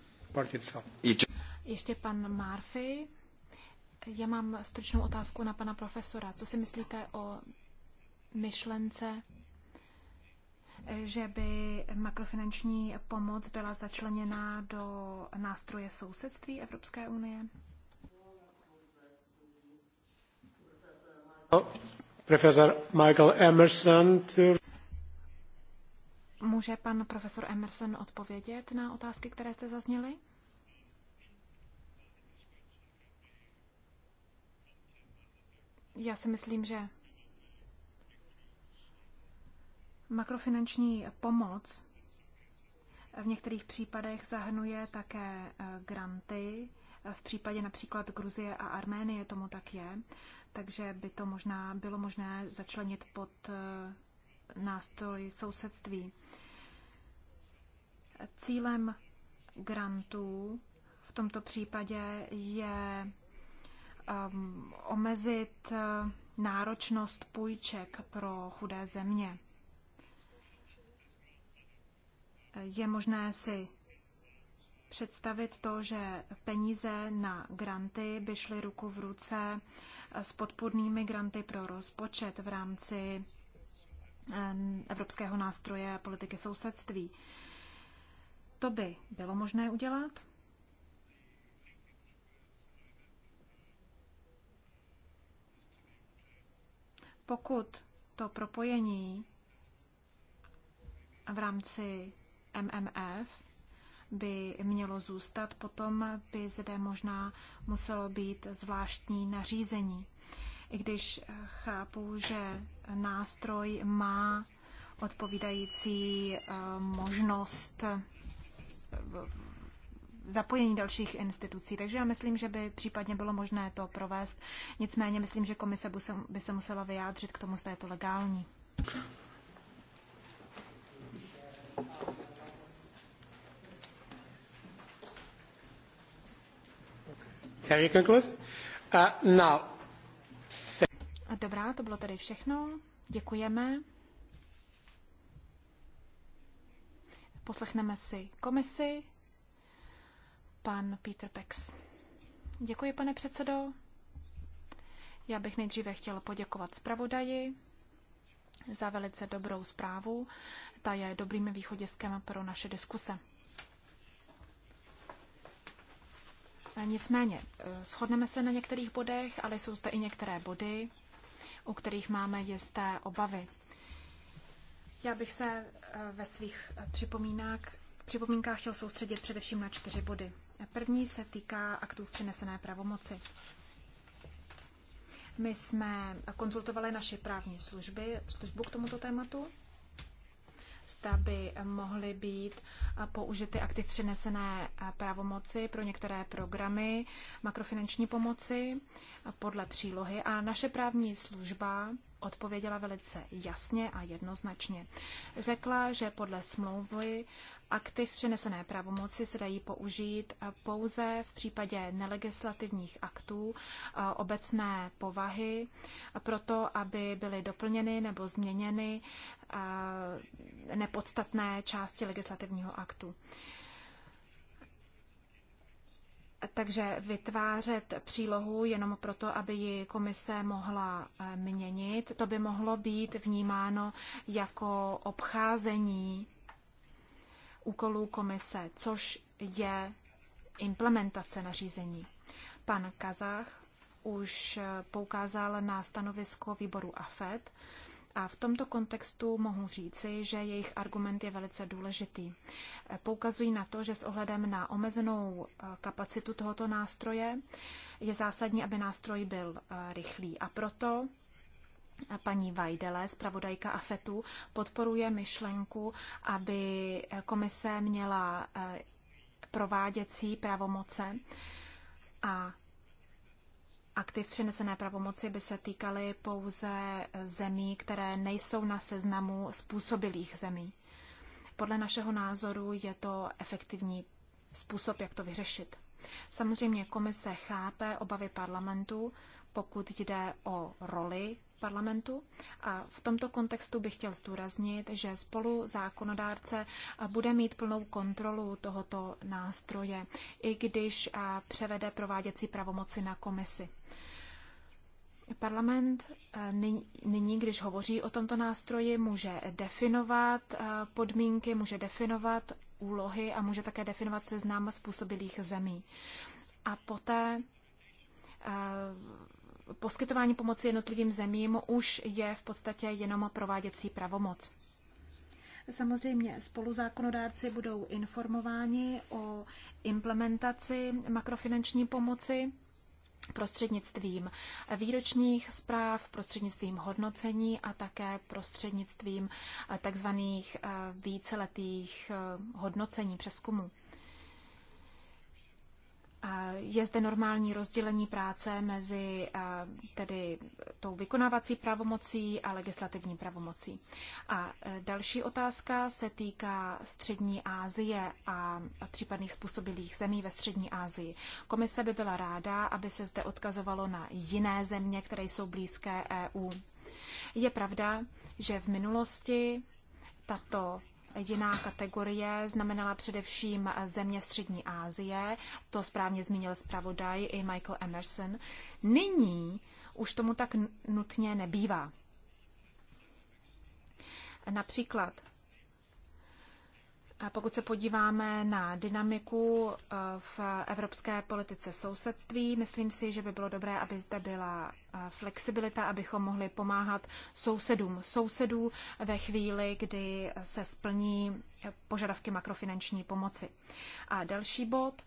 Ještě pan Murphy. Já mám stručnou otázku na pana profesora. Co si myslíte o myšlence, že by makrofinanční pomoc byla začleněna do nástroje sousedství Evropské unie? No, profesor Michael Emerson. Může pan profesor Emerson odpovědět na otázky, které jste zazněly? Já si myslím, že makrofinanční pomoc v některých případech zahrnuje také eh, granty. V případě například Gruzie a Arménie tomu tak je, takže by to možná bylo možné začlenit pod eh, nástroj sousedství. Cílem grantů v tomto případě je um, omezit uh, náročnost půjček pro chudé země. Je možné si představit to, že peníze na granty by šly ruku v ruce s podpůrnými granty pro rozpočet v rámci um, Evropského nástroje politiky sousedství. To by bylo možné udělat. pokud to propojení v rámci MMF by mělo zůstat, potom by zde možná muselo být zvláštní nařízení. I když chápu, že nástroj má odpovídající eh, možnost zapojení dalších institucí. Takže já myslím, že by případně bylo možné to provést. Nicméně myslím, že komise by se musela vyjádřit k tomu, zda je to legální. Can you conclude? Uh, now. Dobrá, to bylo tady všechno. Děkujeme. Poslechneme si komisi pan Peter Pex. Děkuji, pane předsedo. Já bych nejdříve chtěl poděkovat zpravodaji za velice dobrou zprávu. Ta je dobrým východiskem pro naše diskuse. E, nicméně, e, shodneme se na některých bodech, ale jsou zde i některé body, u kterých máme jisté obavy. Já bych se e, ve svých připomínkách chtěl soustředit především na čtyři body. První se týká aktů v přenesené pravomoci. My jsme konzultovali naši právní služby, službu k tomuto tématu, zda by mohly být použity aktiv přenesené právomoci pro některé programy makrofinanční pomoci podle přílohy. A naše právní služba odpověděla velice jasně a jednoznačně. Řekla, že podle smlouvy aktiv přenesené pravomoci se dají použít eh, pouze v případě nelegislativních aktů eh, obecné povahy, eh, proto aby byly doplněny nebo změněny nepodstatné části legislativního aktu. Takže vytvářet přílohu jenom proto, aby ji komise mohla měnit, to by mohlo být vnímáno jako obcházení úkolů komise, což je implementace nařízení. Pan Kazach už poukázal na stanovisko výboru AFED a v tomto kontextu mohu říci, že jejich argument je velice důležitý. Poukazují na to, že s ohledem na omezenou eh, kapacitu tohoto nástroje je zásadní, aby nástroj byl eh, rychlý a proto paní Vajdele, zpravodajka AFETu, podporuje myšlenku, aby komise měla eh, prováděcí pravomoce a aktiv přenesené pravomoci by se týkaly pouze zemí, které nejsou na seznamu způsobilých zemí. Podle našeho názoru je to efektivní způsob, jak to vyřešit. Samozřejmě komise chápe obavy parlamentu, pokud jde o roli parlamentu. A v tomto kontextu bych chtěl zdůraznit, že spolu zákonodárce bude mít plnou kontrolu tohoto nástroje, i když převede prováděcí pravomoci na komisi. Parlament nyní, když hovoří o tomto nástroji, může definovat podmínky, může definovat úlohy a může také definovat seznam způsobilých zemí. A poté poskytování pomoci jednotlivým zemím už je v podstatě jenom prováděcí pravomoc. Samozřejmě spoluzákonodárci budou informováni o implementaci makrofinanční pomoci prostřednictvím výročních zpráv, prostřednictvím hodnocení a také prostřednictvím takzvaných víceletých hodnocení přeskumů. Je zde normální rozdělení práce mezi tedy tou vykonávací pravomocí a legislativní pravomocí. A e, další otázka se týká Střední Asie a případných způsobilých zemí ve Střední Asii. Komise by byla ráda, aby se zde odkazovalo na jiné země, které jsou blízké EU. Je pravda, že v minulosti tato Jiná kategorie znamenala především země Střední Asie, to správně zmínil zpravodaj i Michael Emerson. Nyní už tomu tak nutně nebývá. Například a pokud se podíváme na dynamiku eh, v evropské politice sousedství, myslím si, že by bylo dobré, aby zde byla eh, flexibilita, abychom mohli pomáhat sousedům sousedů ve chvíli, kdy se splní požadavky makrofinanční pomoci. A další bod,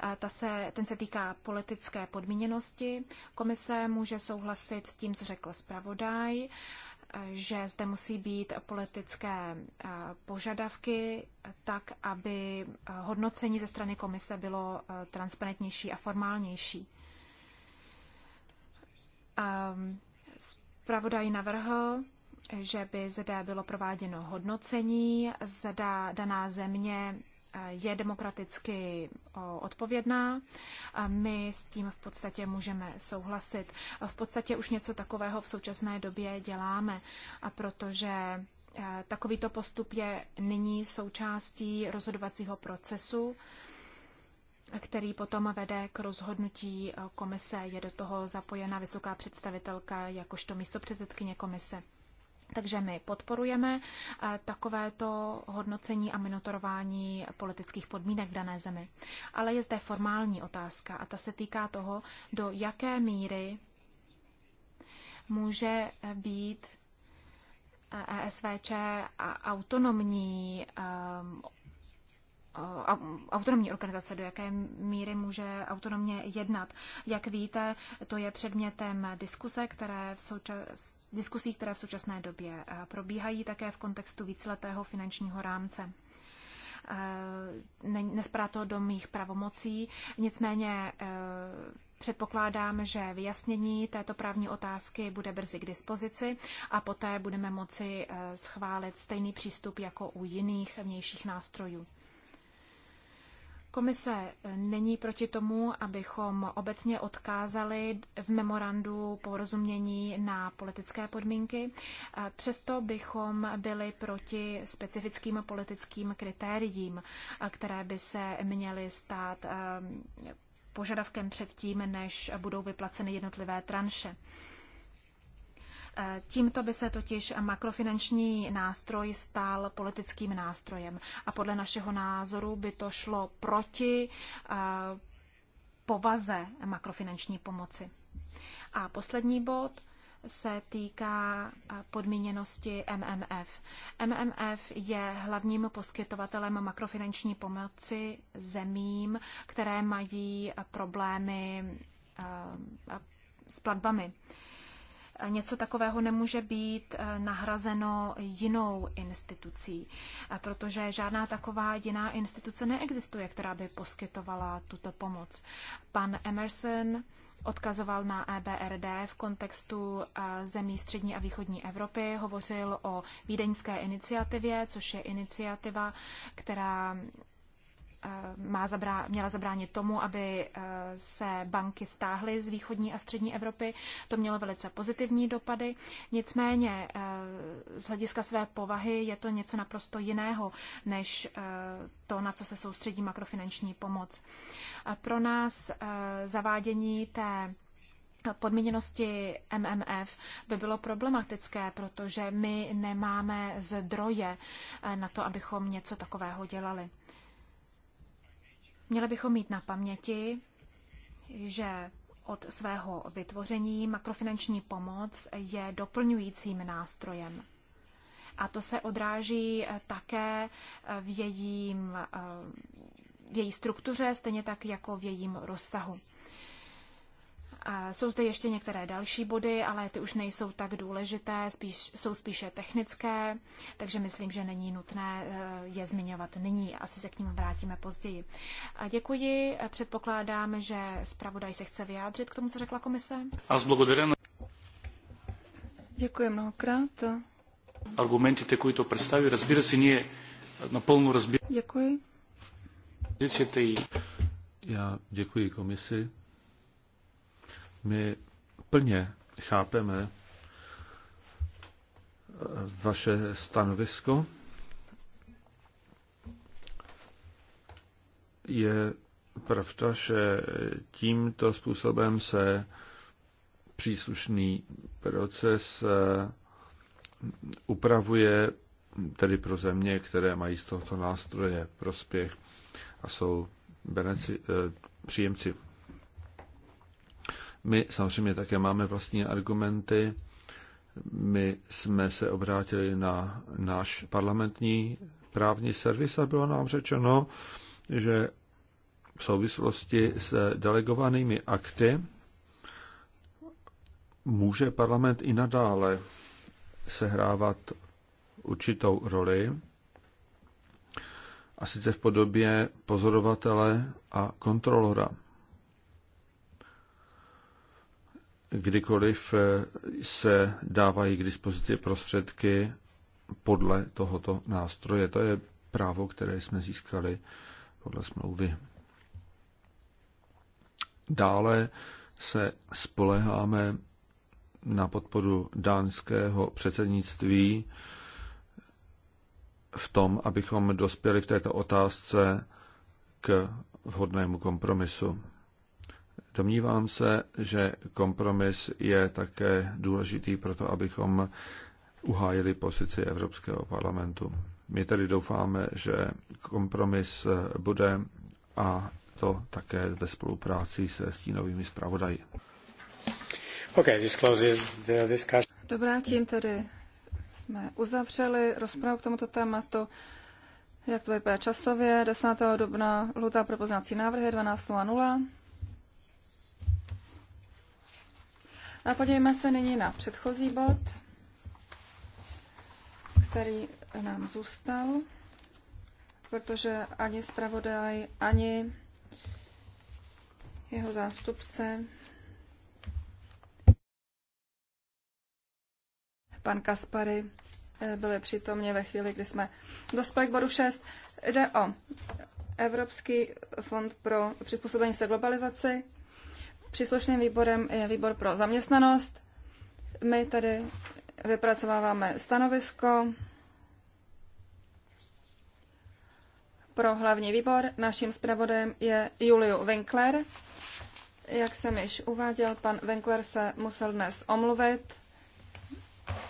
eh, ta se, ten se týká politické podmíněnosti. Komise může souhlasit s tím, co řekl zpravodaj že zde musí být politické požadavky tak, aby hodnocení ze strany komise bylo transparentnější a formálnější. Spravodaj navrhl, že by zde bylo prováděno hodnocení, zda daná země je demokraticky odpovědná. A my s tím v podstatě můžeme souhlasit. V podstatě už něco takového v současné době děláme, a protože e, takovýto postup je nyní součástí rozhodovacího procesu který potom vede k rozhodnutí e, komise. Je do toho zapojena vysoká představitelka jakožto místopředsedkyně komise. Takže my podporujeme eh, takovéto hodnocení a monitorování politických podmínek v dané zemi. Ale je zde formální otázka a ta se týká toho, do jaké míry může být ESVČ eh, e autonomní eh, autonomní organizace, do jaké míry může autonomně jednat. Jak víte, to je předmětem diskuse, které v součas, diskusí, které v současné době eh, probíhají také v kontextu víceletého finančního rámce. Eh, ne, nespadá to do mých pravomocí, nicméně eh, Předpokládám, že vyjasnění této právní otázky bude brzy k dispozici a poté budeme moci schválit stejný přístup jako u jiných vnějších nástrojů. Komise není proti tomu, abychom obecně odkázali v memorandu porozumění na politické podmínky. Přesto bychom byli proti specifickým politickým kritériím, které by se měly stát ehm, požadavkem předtím, než budou vyplaceny jednotlivé tranše. E, tímto by se totiž makrofinanční nástroj stal politickým nástrojem a podle našeho názoru by to šlo proti e, povaze makrofinanční pomoci. A poslední bod se týká e, podmíněnosti MMF. MMF je hlavním poskytovatelem makrofinanční pomoci zemím, které mají problémy s platbami něco takového nemůže být eh, nahrazeno jinou institucí, eh, protože žádná taková jiná instituce neexistuje, která by poskytovala tuto pomoc. Pan Emerson odkazoval na EBRD v kontextu eh, zemí střední a východní Evropy, hovořil o vídeňské iniciativě, což je iniciativa, která Eh, má zabrá, měla zabránit tomu, aby eh, se banky stáhly z východní a střední Evropy. To mělo velice pozitivní dopady. Nicméně eh, z hlediska své povahy je to něco naprosto jiného, než to, na co se soustředí makrofinanční pomoc. Pro nás zavádění té podmíněnosti MMF by bylo problematické, protože my nemáme zdroje na to, abychom něco takového dělali. Měli bychom mít na paměti, že od svého vytvoření makrofinanční pomoc je doplňujícím nástrojem. A to se odráží také v, jejím, eh, v její struktuře, stejně tak jako v jejím rozsahu. Jsou zde ještě některé další body, ale ty už nejsou tak důležité, spíš, jsou spíše technické, takže myslím, že není nutné eh, je zmiňovat nyní. Asi se k ním vrátíme později. A děkuji. Předpokládám, že zpravodaj se chce vyjádřit k tomu, co řekla komise. A zblagodarujeme. Děkuji mnohokrát. Argumenty, které to představí, rozbíra si nie plnou rozbíru. Děkuji. Já děkuji komisi my plně chápeme eh, vaše stanovisko. Je pravda, že tímto způsobem se příslušný proces eh, upravuje tedy pro země, které mají z tohoto nástroje prospěch a jsou beneci, eh, příjemci. My samozřejmě také máme vlastní argumenty. My jsme se obrátili na náš parlamentní právní servis a bylo nám řečeno, že v souvislosti s delegovanými akty může parlament i nadále sehrávat určitou roli, a sice v podobě pozorovatele a kontrolora. kdykoliv eh, se dávají k dispozici prostředky podle tohoto nástroje. To je právo, které jsme získali podle smlouvy. Dále se spoleháme na podporu dánského předsednictví v tom, abychom dospěli v této otázce k vhodnému kompromisu. Domnívám se, že kompromis je také důležitý pro to, abychom uhájili pozici Evropského parlamentu. My tedy doufáme, že kompromis bude a to také ve spolupráci se stínovými zpravodaji. Okay, this closes the discussion. Dobrá, tím tedy jsme uzavřeli rozpravu k tomuto tématu. Jak to vypadá časově? 10. dubna lhutá pro poznací návrhy 12.00. A podívejme se nyní na předchozí bod, který nám zůstal, protože ani zpravodaj, ani jeho zástupce pan Kaspary eh, byli přítomně ve chvíli, kdy jsme dospěli k bodu 6. Jde o Evropský fond pro přizpůsobení se globalizaci Příslušným výborem je výbor pro zaměstnanost. My tady vypracováváme stanovisko pro hlavní výbor. Naším zpravodajem je Juliu Winkler. Jak jsem již uváděl, pan Winkler se musel dnes omluvit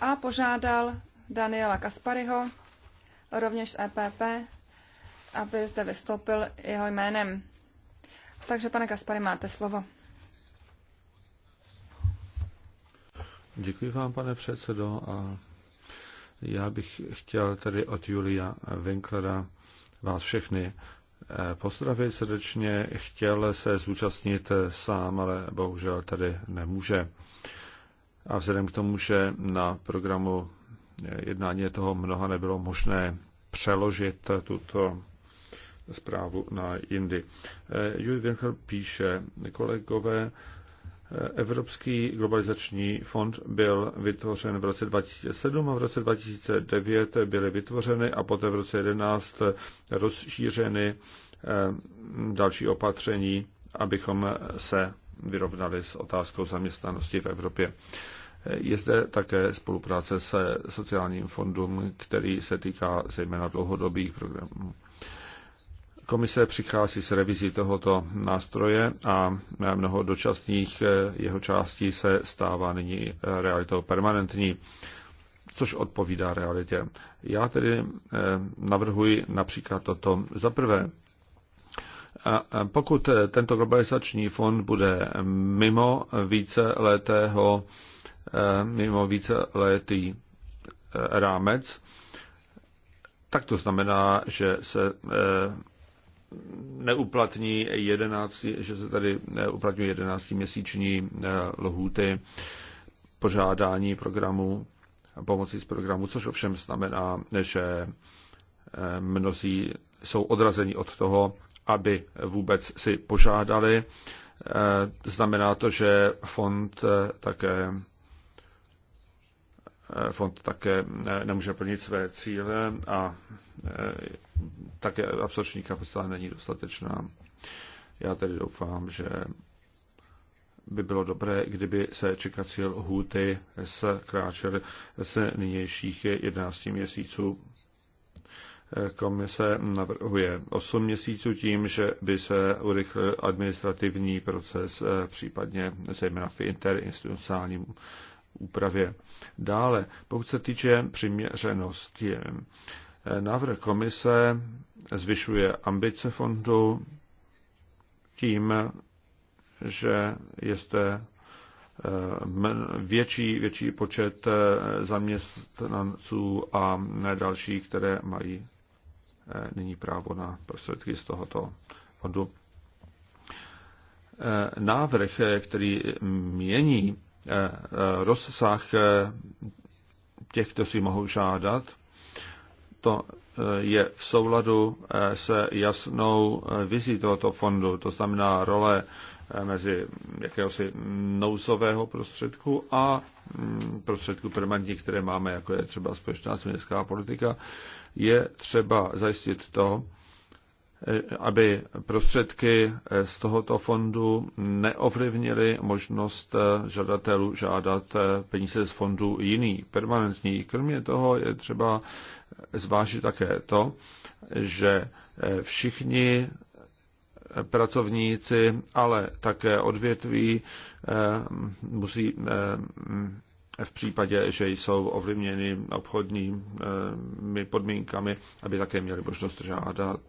a požádal Daniela Kaspariho, rovněž z EPP, aby zde vystoupil jeho jménem. Takže, pane Kaspary, máte slovo. Děkuji vám, pane předsedo, a já bych chtěl tady od Julia Winklera vás všechny eh, pozdravit srdečně. Chtěl se zúčastnit sám, ale bohužel tady nemůže. A vzhledem k tomu, že na programu jednání toho mnoha nebylo možné přeložit tuto zprávu na jindy. Eh, Julie Winkler píše, kolegové, Evropský globalizační fond byl vytvořen v roce 2007 a v roce 2009 byly vytvořeny a poté v roce 2011 rozšířeny eh, další opatření, abychom se vyrovnali s otázkou zaměstnanosti v Evropě. Je zde také spolupráce se sociálním fondem, který se týká zejména dlouhodobých programů. Komise přichází s revizí tohoto nástroje a mnoho dočasných eh, jeho částí se stává nyní eh, realitou permanentní, což odpovídá realitě. Já tedy eh, navrhuji například toto. Za prvé, pokud tento globalizační fond bude mimo více letého, mimo více letý rámec, tak to znamená, že se neuplatní 11, že se tady uplatňují 11 měsíční eh, lhůty požádání programu pomocí z programu, což ovšem znamená, že eh, mnozí jsou odrazeni od toho, aby vůbec si požádali. Eh, znamená to, že fond také Eh, fond také eh, nemůže plnit své cíle a eh, také absorční kapacita není dostatečná. Já tedy doufám, že by bylo dobré, kdyby se čekací lhůty zkráčely se nynějších 11 měsíců. Komise navrhuje 8 měsíců tím, že by se urychlil administrativní proces, případně zejména v interinstitucionálním úpravě. Dále, pokud se týče přiměřenosti, eh, návrh komise zvyšuje ambice fondu tím, že je zde eh, větší, větší počet eh, zaměstnanců a další, které mají nyní právo na prostředky z tohoto fondu. Návrh, který mění Eh, eh, rozsah eh, těch, kdo si mohou žádat. To je v souladu se jasnou vizí tohoto fondu, to znamená role mezi jakéhosi nouzového prostředku a mm, prostředku permanentní, které máme, jako je třeba společná světská politika, je třeba zajistit to, aby prostředky eh, z tohoto fondu neovlivnily možnost eh, žadatelů žádat eh, peníze z fondu jiný, permanentní. Kromě toho je třeba zvážit také to, že všichni pracovníci, ale také odvětví musí mm, v případě, že jsou ovlivněny obchodními podmínkami, aby také měli možnost žádat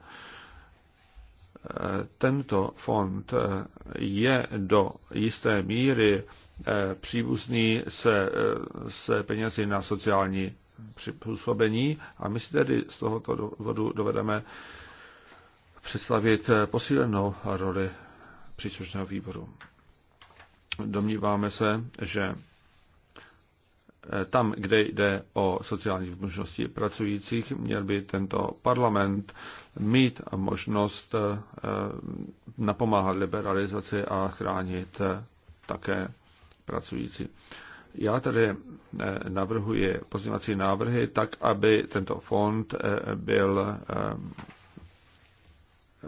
tento fond je do jisté míry eh, příbuzný se, eh, se penězi na sociální přizpůsobení a my si tedy z tohoto důvodu dovedeme představit eh, posílenou roli příslušného výboru. Domníváme se, že Eh, tam, kde jde o sociální možnosti pracujících, měl by tento parlament mít možnost eh, napomáhat liberalizaci a chránit eh, také pracující. Já tedy navrhuji pozměňovací návrhy tak, aby tento fond byl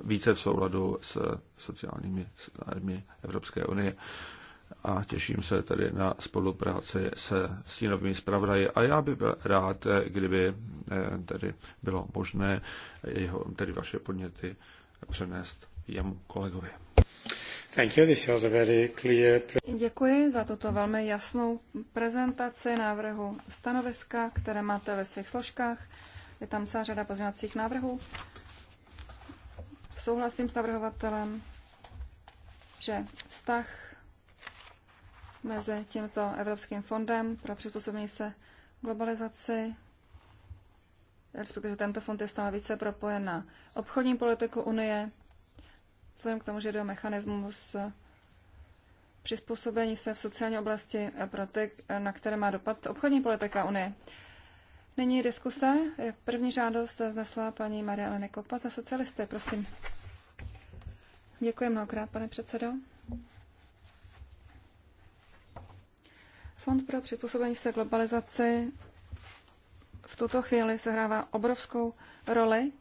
více v souladu s sociálními zájmy Evropské unie a těším se tedy na spolupráci se stínovými zpravodaji a já bych byl rád, kdyby eh, tedy bylo možné jeho, tedy vaše podněty přenést jemu kolegovi. Thank you. This was a very clear... Děkuji za tuto velmi jasnou prezentaci návrhu stanoviska, které máte ve svých složkách. Je tam celá řada pozměňovacích návrhů. Souhlasím s navrhovatelem, že vztah mezi tímto Evropským fondem pro přizpůsobení se globalizaci, respektive tento fond je stále více propojen na obchodní politiku Unie, vzhledem k tomu, že jde o mechanismus přizpůsobení se v sociální oblasti pro ty, na které má dopad obchodní politika Unie. Nyní diskuse. První žádost znesla paní Maria Eleny Kopa za socialisty. Prosím. Děkuji mnohokrát, pane předsedo. Fond pro přizpůsobení se globalizaci v tuto chvíli sehrává obrovskou roli,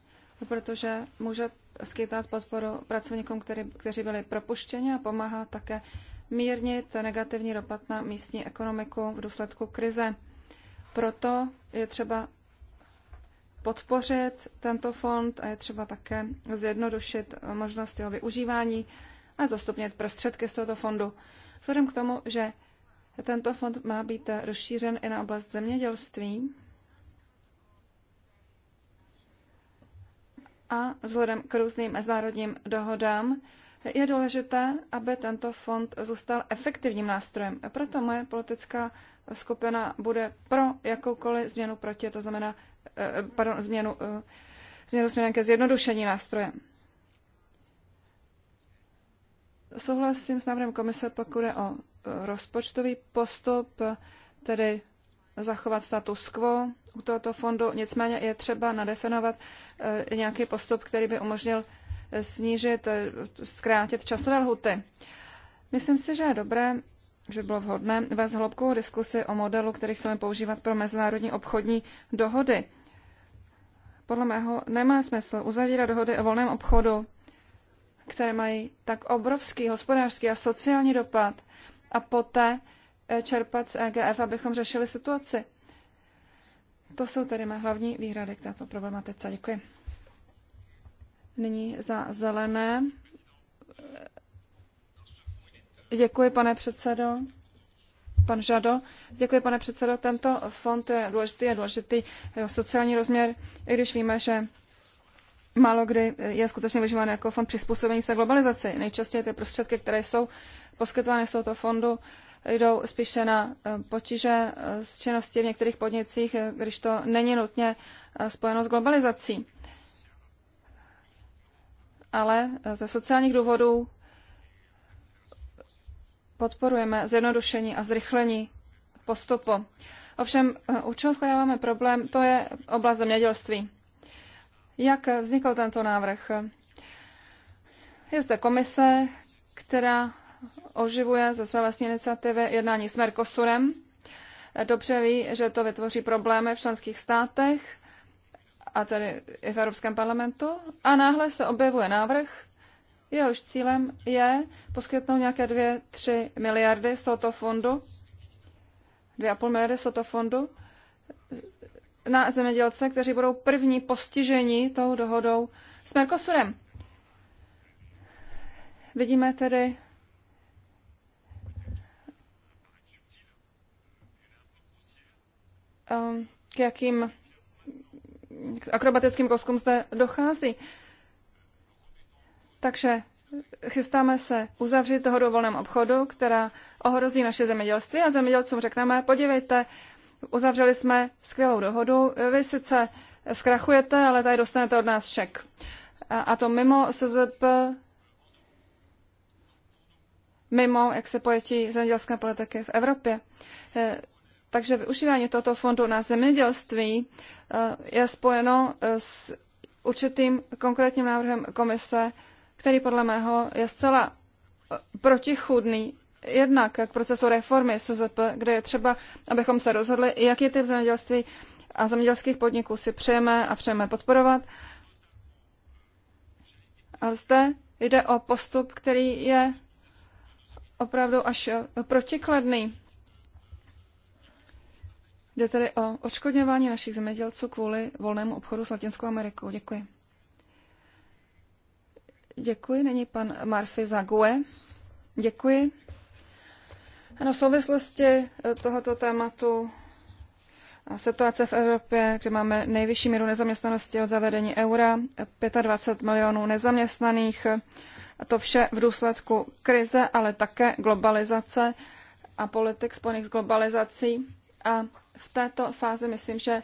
protože může skytat podporu pracovníkům, který, kteří byli propuštěni a pomáhá také mírnit negativní dopad na místní ekonomiku v důsledku krize. Proto je třeba podpořit tento fond a je třeba také zjednodušit možnost jeho využívání a zastupnit prostředky z tohoto fondu. Vzhledem k tomu, že tento fond má být rozšířen i na oblast zemědělství. A vzhledem k různým mezinárodním dohodám je důležité, aby tento fond zůstal efektivním nástrojem. Proto moje politická skupina bude pro jakoukoliv změnu proti, to znamená eh, pardon, změnu, eh, změnu směrem ke zjednodušení nástroje. Souhlasím s návrhem komise, pokud je o rozpočtový postup, tedy zachovat status quo u tohoto fondu. Nicméně je třeba nadefinovat eh, nějaký postup, který by umožnil eh, snížit, eh, zkrátit časové lhuty. Myslím si, že je dobré, že bylo vhodné vést hloubkou diskusi o modelu, který chceme používat pro mezinárodní obchodní dohody. Podle mého nemá smysl uzavírat dohody o volném obchodu, které mají tak obrovský hospodářský a sociální dopad, a poté eh, čerpat z EGF, abychom řešili situaci. To jsou tedy mé hlavní výhrady k této problematice. Děkuji. Nyní za zelené. Děkuji, pane předsedo. Pan Žado. Děkuji, pane předsedo. Tento fond je důležitý, je důležitý jeho sociální rozměr, i když víme, že málo kdy je skutečně využíván jako fond přizpůsobení se globalizaci. Nejčastěji ty prostředky, které jsou poskytované z tohoto fondu jdou spíše na eh, potíže s eh, činností v některých podnicích, eh, když to není nutně spojeno s globalizací. Ale ze sociálních důvodů podporujeme zjednodušení a zrychlení postupu. Ovšem, u čeho skládáváme problém, to je oblast zemědělství. Jak vznikl tento návrh? Je zde komise, která oživuje ze své vlastní iniciativy jednání s Mercosurem. Dobře ví, že to vytvoří problémy v členských státech a tedy i v Evropském parlamentu. A náhle se objevuje návrh, jehož cílem je poskytnout nějaké 2-3 miliardy z tohoto fondu, 2,5 miliardy z tohoto fondu, na zemědělce, kteří budou první postiženi tou dohodou s Mercosurem. Vidíme tedy Um, k jakým akrobatickým kouskům zde dochází. Takže chystáme se uzavřít toho o volném obchodu, která ohrozí naše zemědělství a zemědělcům řekneme, podívejte, uzavřeli jsme skvělou dohodu, vy sice zkrachujete, ale tady dostanete od nás ček. A, a to mimo SZP, mimo jak se pojetí zemědělské politiky v Evropě. Eh, takže využívání tohoto fondu na zemědělství eh, je spojeno eh, s určitým konkrétním návrhem komise, který podle mého je zcela eh, protichůdný jednak k procesu reformy SZP, kde je třeba, abychom se rozhodli, jaký typ zemědělství a zemědělských podniků si přejeme a přejeme podporovat. Ale zde jde o postup, který je opravdu až protikladný. Jde tedy o odškodňování našich zemědělců kvůli volnému obchodu s Latinskou Amerikou. Děkuji. Děkuji. Není pan Marfi Zague. Děkuji. Ano, v souvislosti eh, tohoto tématu a situace v Evropě, kde máme nejvyšší míru nezaměstnanosti od zavedení eura, 25 milionů nezaměstnaných, a to vše v důsledku krize, ale také globalizace a politik spojených s globalizací a v této fázi myslím, že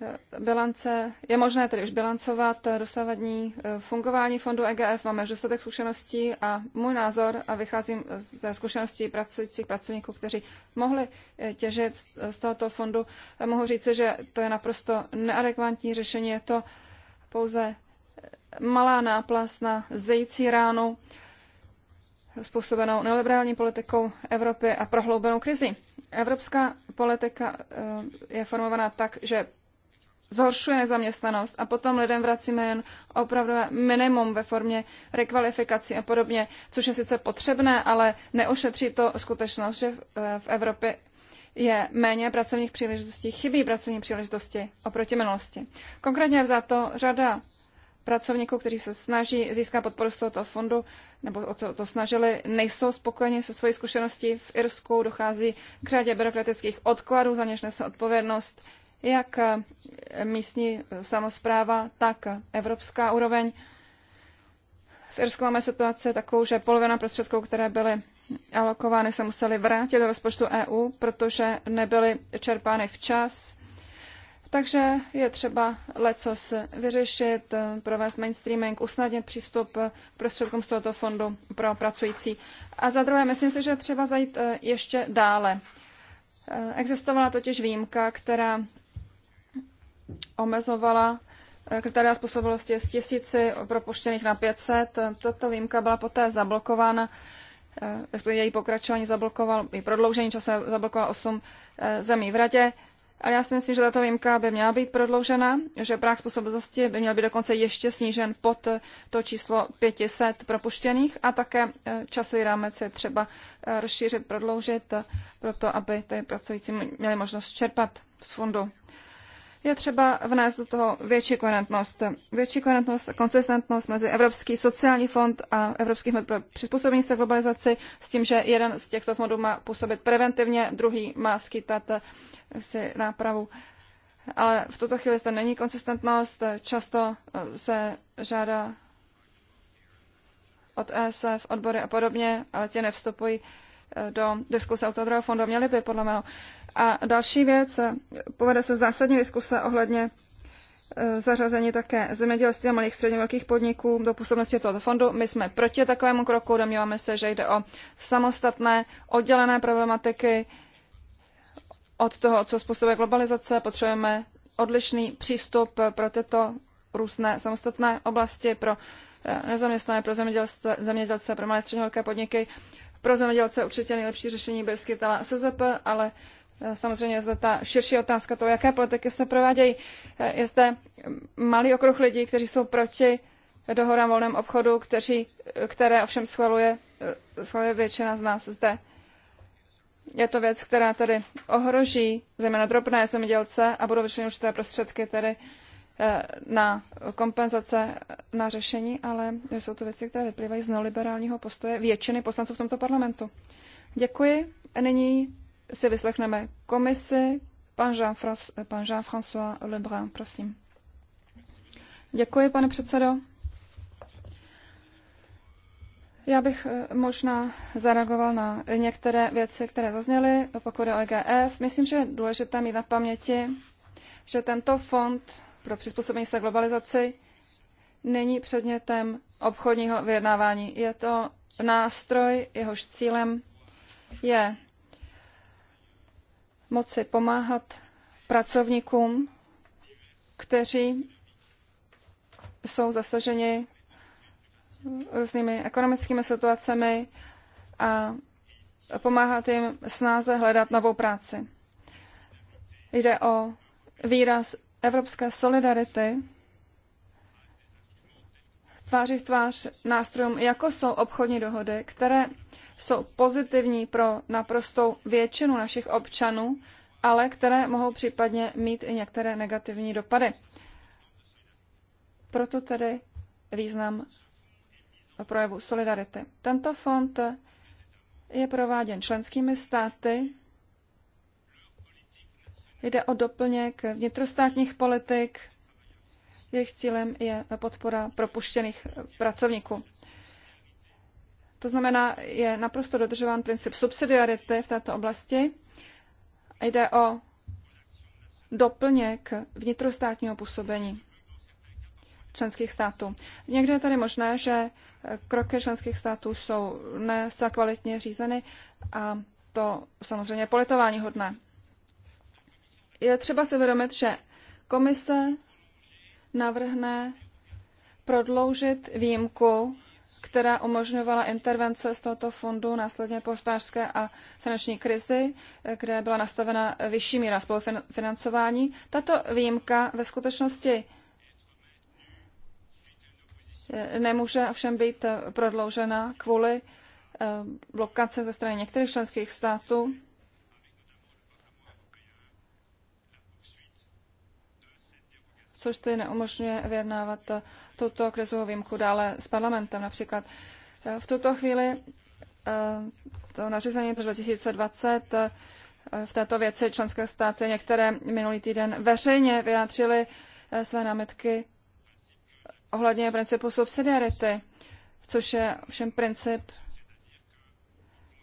eh, bilance, je možné tedy už bilancovat eh, dosavadní eh, fungování fondu EGF, máme už dostatek zkušeností a můj názor, a vycházím ze zkušeností pracujících pracovníků, kteří mohli těžit z tohoto fondu, mohu říci, že to je naprosto neadekvantní řešení, je to pouze malá náplast na zející ránu způsobenou neoliberální politikou Evropy a prohloubenou krizi. Evropská politika eh, je formovaná tak, že zhoršuje nezaměstnanost a potom lidem vracíme jen opravdu minimum ve formě rekvalifikací a podobně, což je sice potřebné, ale neošetří to skutečnost, že v eh, Evropě je méně pracovních příležitostí, chybí pracovní příležitosti oproti minulosti. Konkrétně za to řada pracovníků, kteří se snaží získat podporu z tohoto fondu, nebo o to, to snažili, nejsou spokojeni se svojí zkušeností. V Irsku dochází k řadě byrokratických odkladů, za něž nese odpovědnost jak eh, místní eh, samozpráva, tak eh, evropská úroveň. V Irsku máme situaci takovou, že polovina prostředků, které byly alokovány, se musely vrátit do rozpočtu EU, protože nebyly čerpány včas takže je třeba lecos vyřešit, provést mainstreaming, usnadnit přístup prostředkům z tohoto fondu pro pracující. A za druhé, myslím si, že třeba zajít eh, ještě dále. Eh, existovala totiž výjimka, která omezovala eh, kritéria způsobilosti z tisíci propuštěných na 500. Toto výjimka byla poté zablokována, její pokračování zablokoval, i prodloužení času zablokoval 8 zemí v radě. Ale já si myslím, že tato výjimka by měla být prodloužena, že práh způsobilosti by měl být dokonce ještě snížen pod to číslo 500 propuštěných a také eh, časový rámec je třeba eh, rozšířit, prodloužit, eh, proto aby ty pracující měli možnost čerpat z fondu je třeba vnést do toho větší koherentnost. Větší koherentnost a konsistentnost mezi Evropský sociální fond a Evropský fond pro přizpůsobení se globalizaci s tím, že jeden z těchto fondů má působit preventivně, druhý má skýtat eh, si nápravu. Ale v tuto chvíli to není konsistentnost, často eh, se žádá od ESF, odbory a podobně, ale tě nevstupují eh, do diskuse o fondu. Měli by podle mého a další věc, povede se zásadní diskuse ohledně e, zařazení také zemědělství a malých středně velkých podniků do působnosti tohoto fondu. My jsme proti takovému kroku, domníváme se, že jde o samostatné, oddělené problematiky od toho, co způsobuje globalizace. Potřebujeme odlišný přístup pro tyto různé samostatné oblasti, pro e, nezaměstnané, pro zemědělce, zemědělce pro malé středně velké podniky. Pro zemědělce určitě nejlepší řešení by skytala SZP, ale Eh, samozřejmě zde ta širší otázka toho, jaké politiky se provádějí. Eh, je zde malý okruh lidí, kteří jsou proti dohodám volném obchodu, kteří, eh, které ovšem schvaluje, schvaluje většina z nás zde. Je to věc, která tedy ohroží zejména drobné zemědělce a budou většinou určité prostředky tedy na kompenzace, na řešení, ale jsou to věci, které vyplývají z neoliberálního postoje většiny poslanců v tomto parlamentu. Děkuji. Nyní si vyslechneme komisi. Pan Jean-François Lebrun, prosím. Děkuji, pane předsedo. Já bych eh, možná zareagoval na některé věci, které zazněly, pokud je o EGF. Myslím, že je důležité mít na paměti, že tento fond pro přizpůsobení se globalizaci není předmětem obchodního vyjednávání. Je to nástroj, jehož cílem je moci pomáhat pracovníkům, kteří jsou zasaženi různými ekonomickými situacemi a pomáhat jim snáze hledat novou práci. Jde o výraz evropské solidarity, tváří v tvář nástrojům, jako jsou obchodní dohody, které jsou pozitivní pro naprostou většinu našich občanů, ale které mohou případně mít i některé negativní dopady. Proto tedy význam projevu solidarity. Tento fond je prováděn členskými státy. Jde o doplněk vnitrostátních politik, jejich cílem je podpora propuštěných pracovníků. To znamená, je naprosto dodržován princip subsidiarity v této oblasti. Jde o doplněk vnitrostátního působení členských států. Někdy je tady možné, že kroky členských států jsou nesakvalitně řízeny a to samozřejmě politování hodné. Je třeba si uvědomit, že komise navrhne prodloužit výjimku, která umožňovala intervence z tohoto fondu následně po hospodářské a finanční krizi, kde byla nastavena vyšší míra spolufinancování. Tato výjimka ve skutečnosti nemůže ovšem být prodloužena kvůli blokace ze strany některých členských států což tedy neumožňuje vyjednávat tuto krizovou výjimku dále s parlamentem například. Eh, v tuto chvíli eh, to nařízení pro 2020 eh, v této věci členské státy některé minulý týden veřejně vyjádřily své námitky ohledně principu subsidiarity, což je všem princip,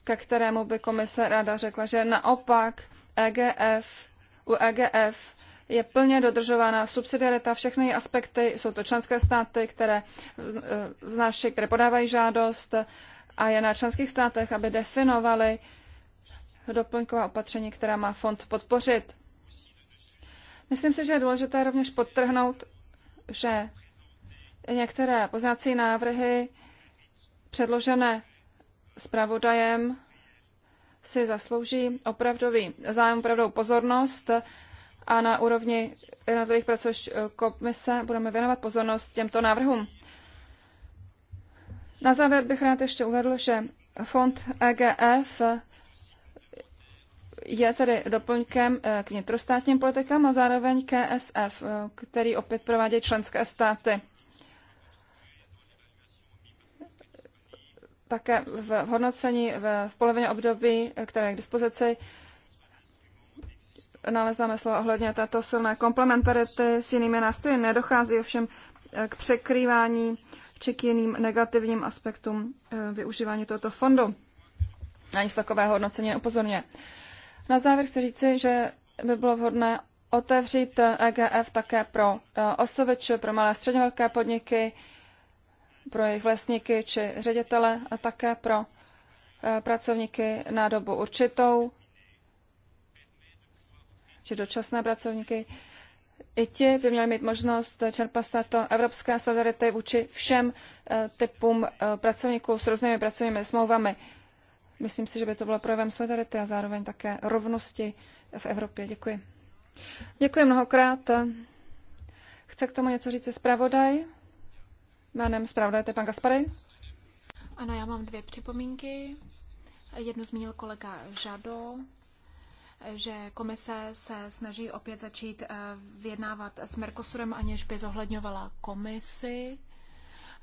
ke kterému by komise ráda řekla, že naopak EGF, u EGF je plně dodržována subsidiarita, všechny aspekty, jsou to členské státy, které vznáší, e, které podávají žádost a je na členských státech, aby definovali doplňková opatření, která má fond podpořit. Myslím si, že je důležité rovněž podtrhnout, že některé poznací návrhy předložené zpravodajem si zaslouží opravdový zájem, opravdovou pozornost a na úrovni jednotlivých pracovišť eh, komise budeme věnovat pozornost těmto návrhům. Na závěr bych rád ještě uvedl, že fond EGF je tedy doplňkem eh, k vnitrostátním politikám a zároveň KSF, eh, který opět provádějí členské státy. Také v hodnocení v polovině období, které je k dispozici, nalezáme slova ohledně této silné komplementarity s jinými nástroji. Nedochází ovšem eh, k překrývání či k jiným negativním aspektům eh, využívání tohoto fondu. Na nic takového hodnocení Upozorně. Na závěr chci říci, že by bylo vhodné otevřít EGF eh, e také pro osobeče, pro malé a středně velké podniky, pro jejich vlastníky či ředitele a také pro pracovníky na dobu určitou, či dočasné pracovníky, i ti by měli mít možnost čerpat z této evropské solidarity vůči všem eh, typům eh, pracovníků s různými pracovními smlouvami. Myslím si, že by to bylo projevem solidarity a zároveň také rovnosti v Evropě. Děkuji. Děkuji mnohokrát. Chce k tomu něco říct zpravodaj? Jménem to je pan Gaspary. Ano, já mám dvě připomínky. Jednu zmínil kolega Žado že komise se snaží opět začít eh, vyjednávat s Mercosurem, aniž by zohledňovala komisi.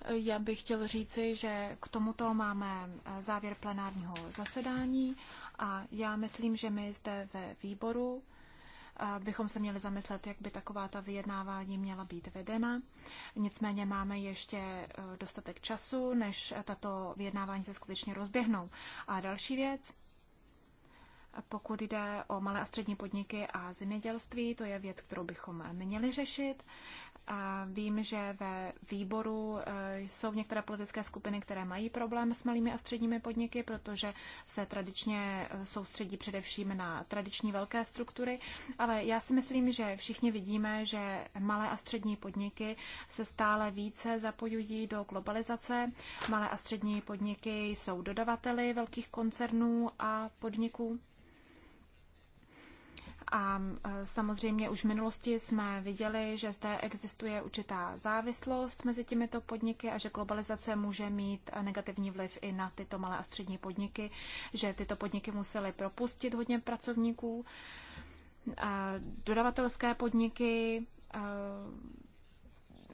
Já bych chtěl říci, že k tomuto máme eh, závěr plenárního zasedání a já myslím, že my zde ve výboru eh, bychom se měli zamyslet, jak by taková ta vyjednávání měla být vedena. Nicméně máme ještě dostatek času, než tato vyjednávání se skutečně rozběhnou. A další věc, pokud jde o malé a střední podniky a zemědělství, to je věc, kterou bychom měli řešit. A vím, že ve výboru eh, jsou některé politické skupiny, které mají problém s malými a středními podniky, protože se tradičně eh, soustředí především na tradiční velké struktury, ale já si myslím, že všichni vidíme, že malé a střední podniky se stále více zapojují do globalizace. Malé a střední podniky jsou dodavateli velkých koncernů a podniků. A e, samozřejmě už v minulosti jsme viděli, že zde existuje určitá závislost mezi těmito podniky a že globalizace může mít negativní vliv i na tyto malé a střední podniky, že tyto podniky musely propustit hodně pracovníků. E, dodavatelské podniky e,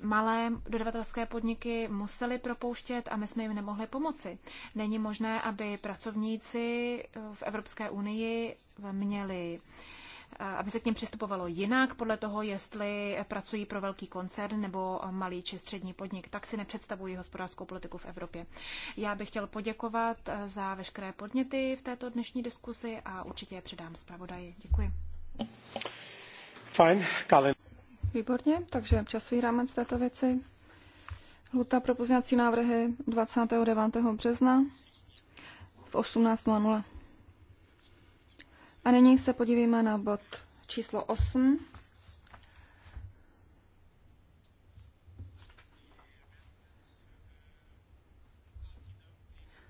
malé dodavatelské podniky musely propouštět a my jsme jim nemohli pomoci. Není možné, aby pracovníci v Evropské unii měli aby se k něm přistupovalo jinak podle toho, jestli pracují pro velký koncern nebo malý či střední podnik. Tak si nepředstavují hospodářskou politiku v Evropě. Já bych chtěl poděkovat eh, za veškeré podněty v této dnešní diskusi a určitě je předám zpravodaji. Děkuji. Fajn, Kalin. Výborně, takže časový rámec této věci. Lhuta pro pozněcí návrhy 29. března v 18.00. A nyní se podívejme na bod číslo 8.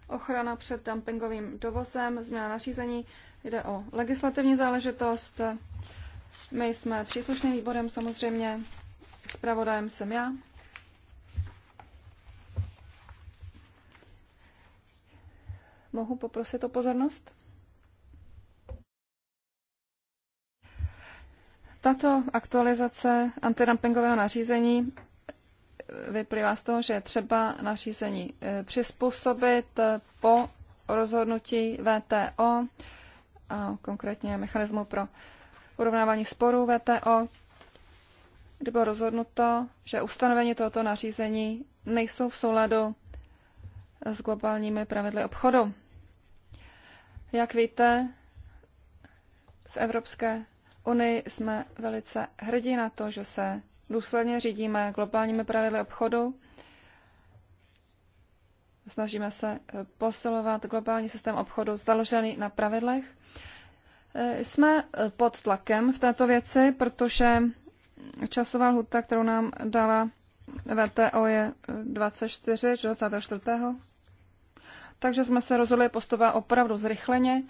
Ochrana před dumpingovým dovozem, změna nařízení, jde o legislativní záležitost. My jsme příslušným výborem samozřejmě, zpravodajem jsem já. Mohu poprosit o pozornost? Tato aktualizace antidumpingového nařízení vyplývá z toho, že je třeba nařízení eh, přizpůsobit eh, po rozhodnutí VTO, a konkrétně mechanismu pro urovnávání sporů VTO, kdy bylo rozhodnuto, že ustanovení tohoto nařízení nejsou v souladu s globálními pravidly obchodu. Jak víte, v Evropské Unii jsme velice hrdí na to, že se důsledně řídíme globálními pravidly obchodu. Snažíme se eh, posilovat globální systém obchodu založený na pravidlech. Eh, jsme eh, pod tlakem v této věci, protože časová lhuta, kterou nám dala VTO, je 24, 24. Takže jsme se rozhodli postupovat opravdu zrychleně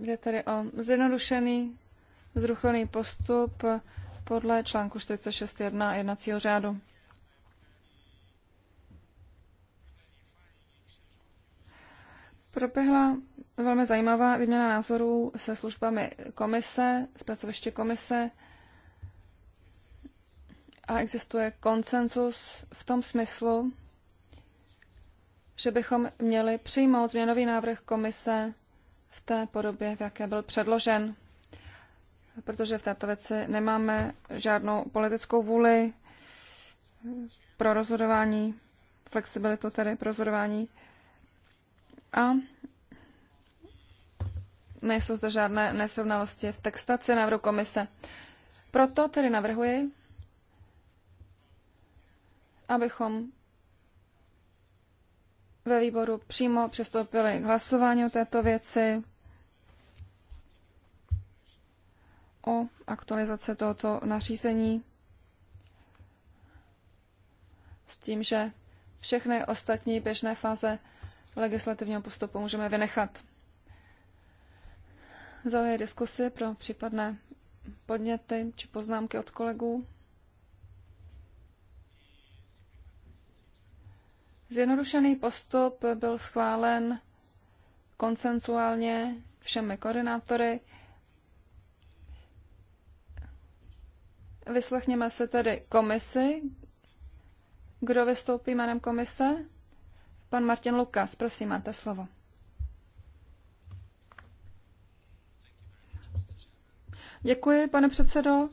Jde tedy o zjednodušený zrucholný postup podle článku 46.1 jednacího řádu. Proběhla velmi zajímavá výměna názorů se službami komise, z pracoviště komise a existuje konsenzus v tom smyslu, že bychom měli přijmout změnový návrh komise v té podobě, v jaké byl předložen, protože v této věci nemáme žádnou politickou vůli pro rozhodování, flexibilitu tedy pro rozhodování a nejsou zde žádné nesrovnalosti v textaci návrhu komise. Proto tedy navrhuji, abychom ve výboru přímo přistoupili k hlasování o této věci, o aktualizaci tohoto nařízení, s tím, že všechny ostatní běžné fáze legislativního postupu můžeme vynechat. Zaujeli diskusy pro případné podněty či poznámky od kolegů. Zjednodušený postup byl schválen konsensuálně všemi koordinátory. Vyslechněme se tedy komisi. Kdo vystoupí jménem komise? Pan Martin Lukas, prosím, máte slovo. Děkuji, pane předsedo.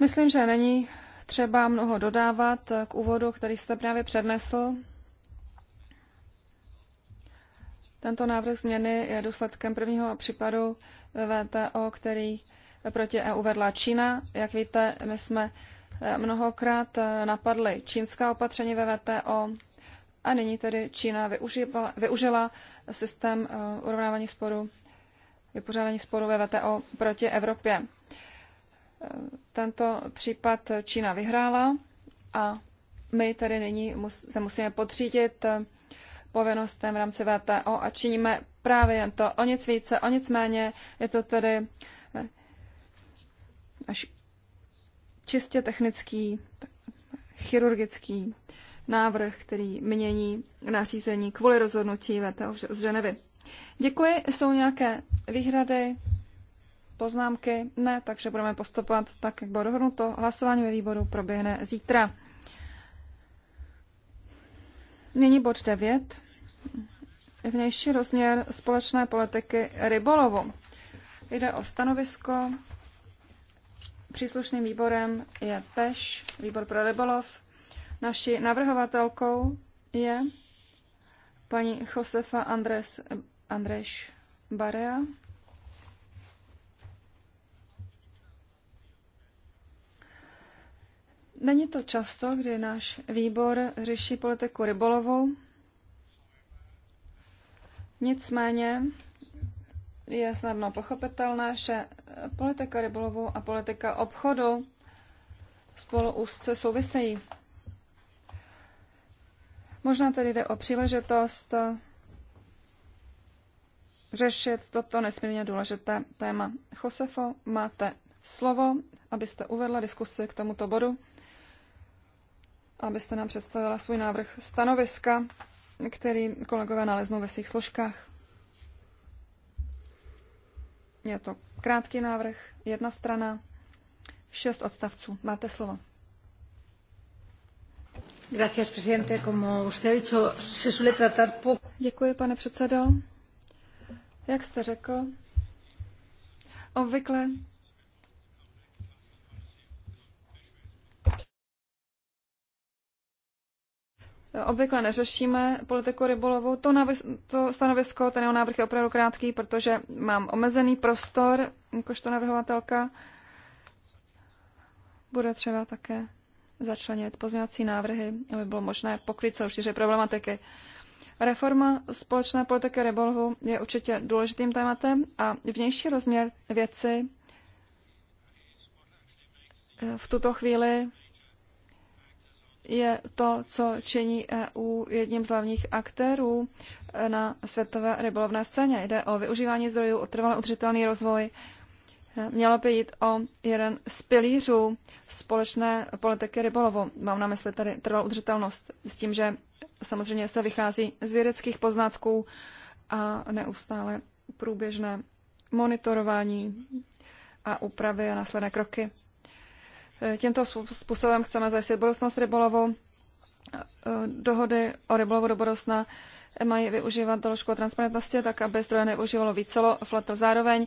Myslím, že není třeba mnoho dodávat k úvodu, který jste právě přednesl. Tento návrh změny je důsledkem prvního případu VTO, který proti EU vedla Čína. Jak víte, my jsme eh, mnohokrát eh, napadli čínská opatření ve VTO a nyní tedy Čína využila, využila systém eh, urovnávání sporu, vypořádání sporu ve VTO proti Evropě. Tento případ Čína vyhrála a my tedy nyní se musíme podřídit povinnostem v rámci VTO a činíme právě jen to, o nic více, o nic méně. Je to tedy eh, až čistě technický, chirurgický návrh, který mění nařízení kvůli rozhodnutí VTO z Ženevy. Děkuji. Jsou nějaké výhrady, poznámky? Ne, takže budeme postupovat tak, jak bylo dohodnuto. Hlasování ve výboru proběhne zítra. Nyní bod 9. Vnější rozměr společné politiky rybolovu. Jde o stanovisko. Příslušným výborem je PEŠ, výbor pro rybolov. Naší navrhovatelkou je paní Josefa Andres, Andreš Barea. Není to často, kdy náš výbor řeší politiku rybolovou. Nicméně je snadno pochopitelné, že politika rybolovu a politika obchodu spolu úzce souvisejí. Možná tedy jde o příležitost řešit toto nesmírně důležité téma. Josefo, máte slovo, abyste uvedla diskusi k tomuto bodu abyste nám představila svůj návrh stanoviska, který kolegové naleznou ve svých složkách. Je to krátký návrh, jedna strana, šest odstavců. Máte slovo. Gracias, presidente. Como usted ha dicho, se suele tratar Děkuji, pane předsedo. Jak jste řekl, obvykle obvykle neřešíme politiku rybolovu. To, navis, to stanovisko, ten jeho návrh je opravdu krátký, protože mám omezený prostor, jakožto navrhovatelka. Bude třeba také začlenit pozměňovací návrhy, aby bylo možné pokryt celou šíře problematiky. Reforma společné politiky rybolovu je určitě důležitým tématem a vnější rozměr věci eh, v tuto chvíli je to, co činí EU jedním z hlavních aktérů eh, na světové rybolovné scéně. Jde o využívání zdrojů, o trvalý udržitelný rozvoj. Eh, mělo by jít o jeden z pilířů společné politiky rybolovu. Mám na mysli tady trvalou udržitelnost s tím, že samozřejmě se vychází z vědeckých poznatků a neustále průběžné monitorování a úpravy a následné kroky. Tímto způsobem chceme zajistit budoucnost rybolovu. Dohody o rybolovu do budoucna mají využívat doložku o transparentnosti, tak aby zdroje neužívalo více flotil zároveň.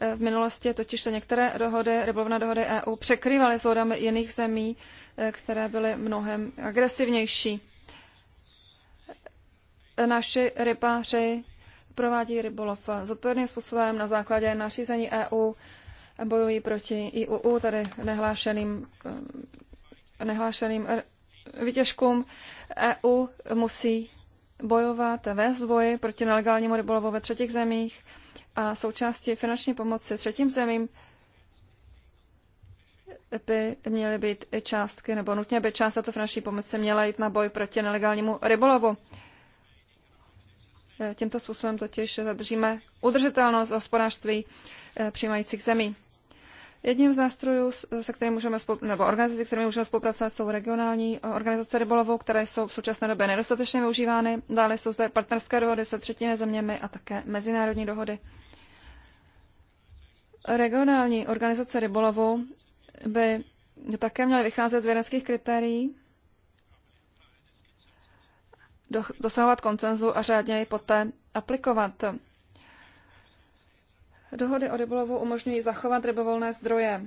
Eh, v minulosti totiž se některé dohody, rybolovné dohody EU překrývaly s lodami jiných zemí, eh, které byly mnohem agresivnější. Naši rybáři provádí rybolov zodpovědným způsobem na základě nařízení EU bojují proti IUU, tedy nehlášeným, eh, nehlášeným eh, vytěžkům. EU musí bojovat, ve zvoji proti nelegálnímu rybolovu ve třetích zemích a součástí finanční pomoci třetím zemím by měly být i částky, nebo nutně by část této finanční pomoci měla jít na boj proti nelegálnímu rybolovu. Eh, tímto způsobem totiž zadržíme udržitelnost hospodářství přijímajících zemí. Jedním z nástrojů, se kterým můžeme, nebo organizací, kterými můžeme spolupracovat, jsou regionální eh, organizace rybolovou, které jsou v současné době nedostatečně využívány. Dále jsou zde partnerské dohody se třetími zeměmi a také mezinárodní dohody. Regionální organizace rybolovu by také měly vycházet z vědeckých kritérií, dosahovat koncenzu a řádně ji poté aplikovat. Dohody o rybolovu umožňují zachovat rybovolné zdroje,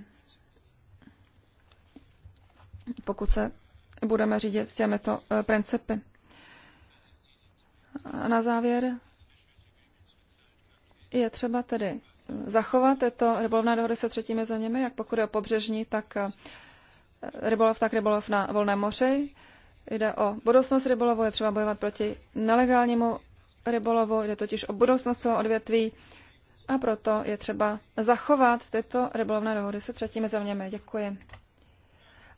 pokud se budeme řídit těmito eh, principy. A na závěr je třeba tedy zachovat tyto rybolovné dohody se třetími zeměmi, jak pokud je o pobřežní, tak eh, rybolov, tak rybolov na volném moři. Jde o budoucnost rybolovu, je třeba bojovat proti nelegálnímu rybolovu, jde totiž o budoucnost celého odvětví, a proto je třeba zachovat tyto rybolovné dohody se třetími zeměmi. Děkuji.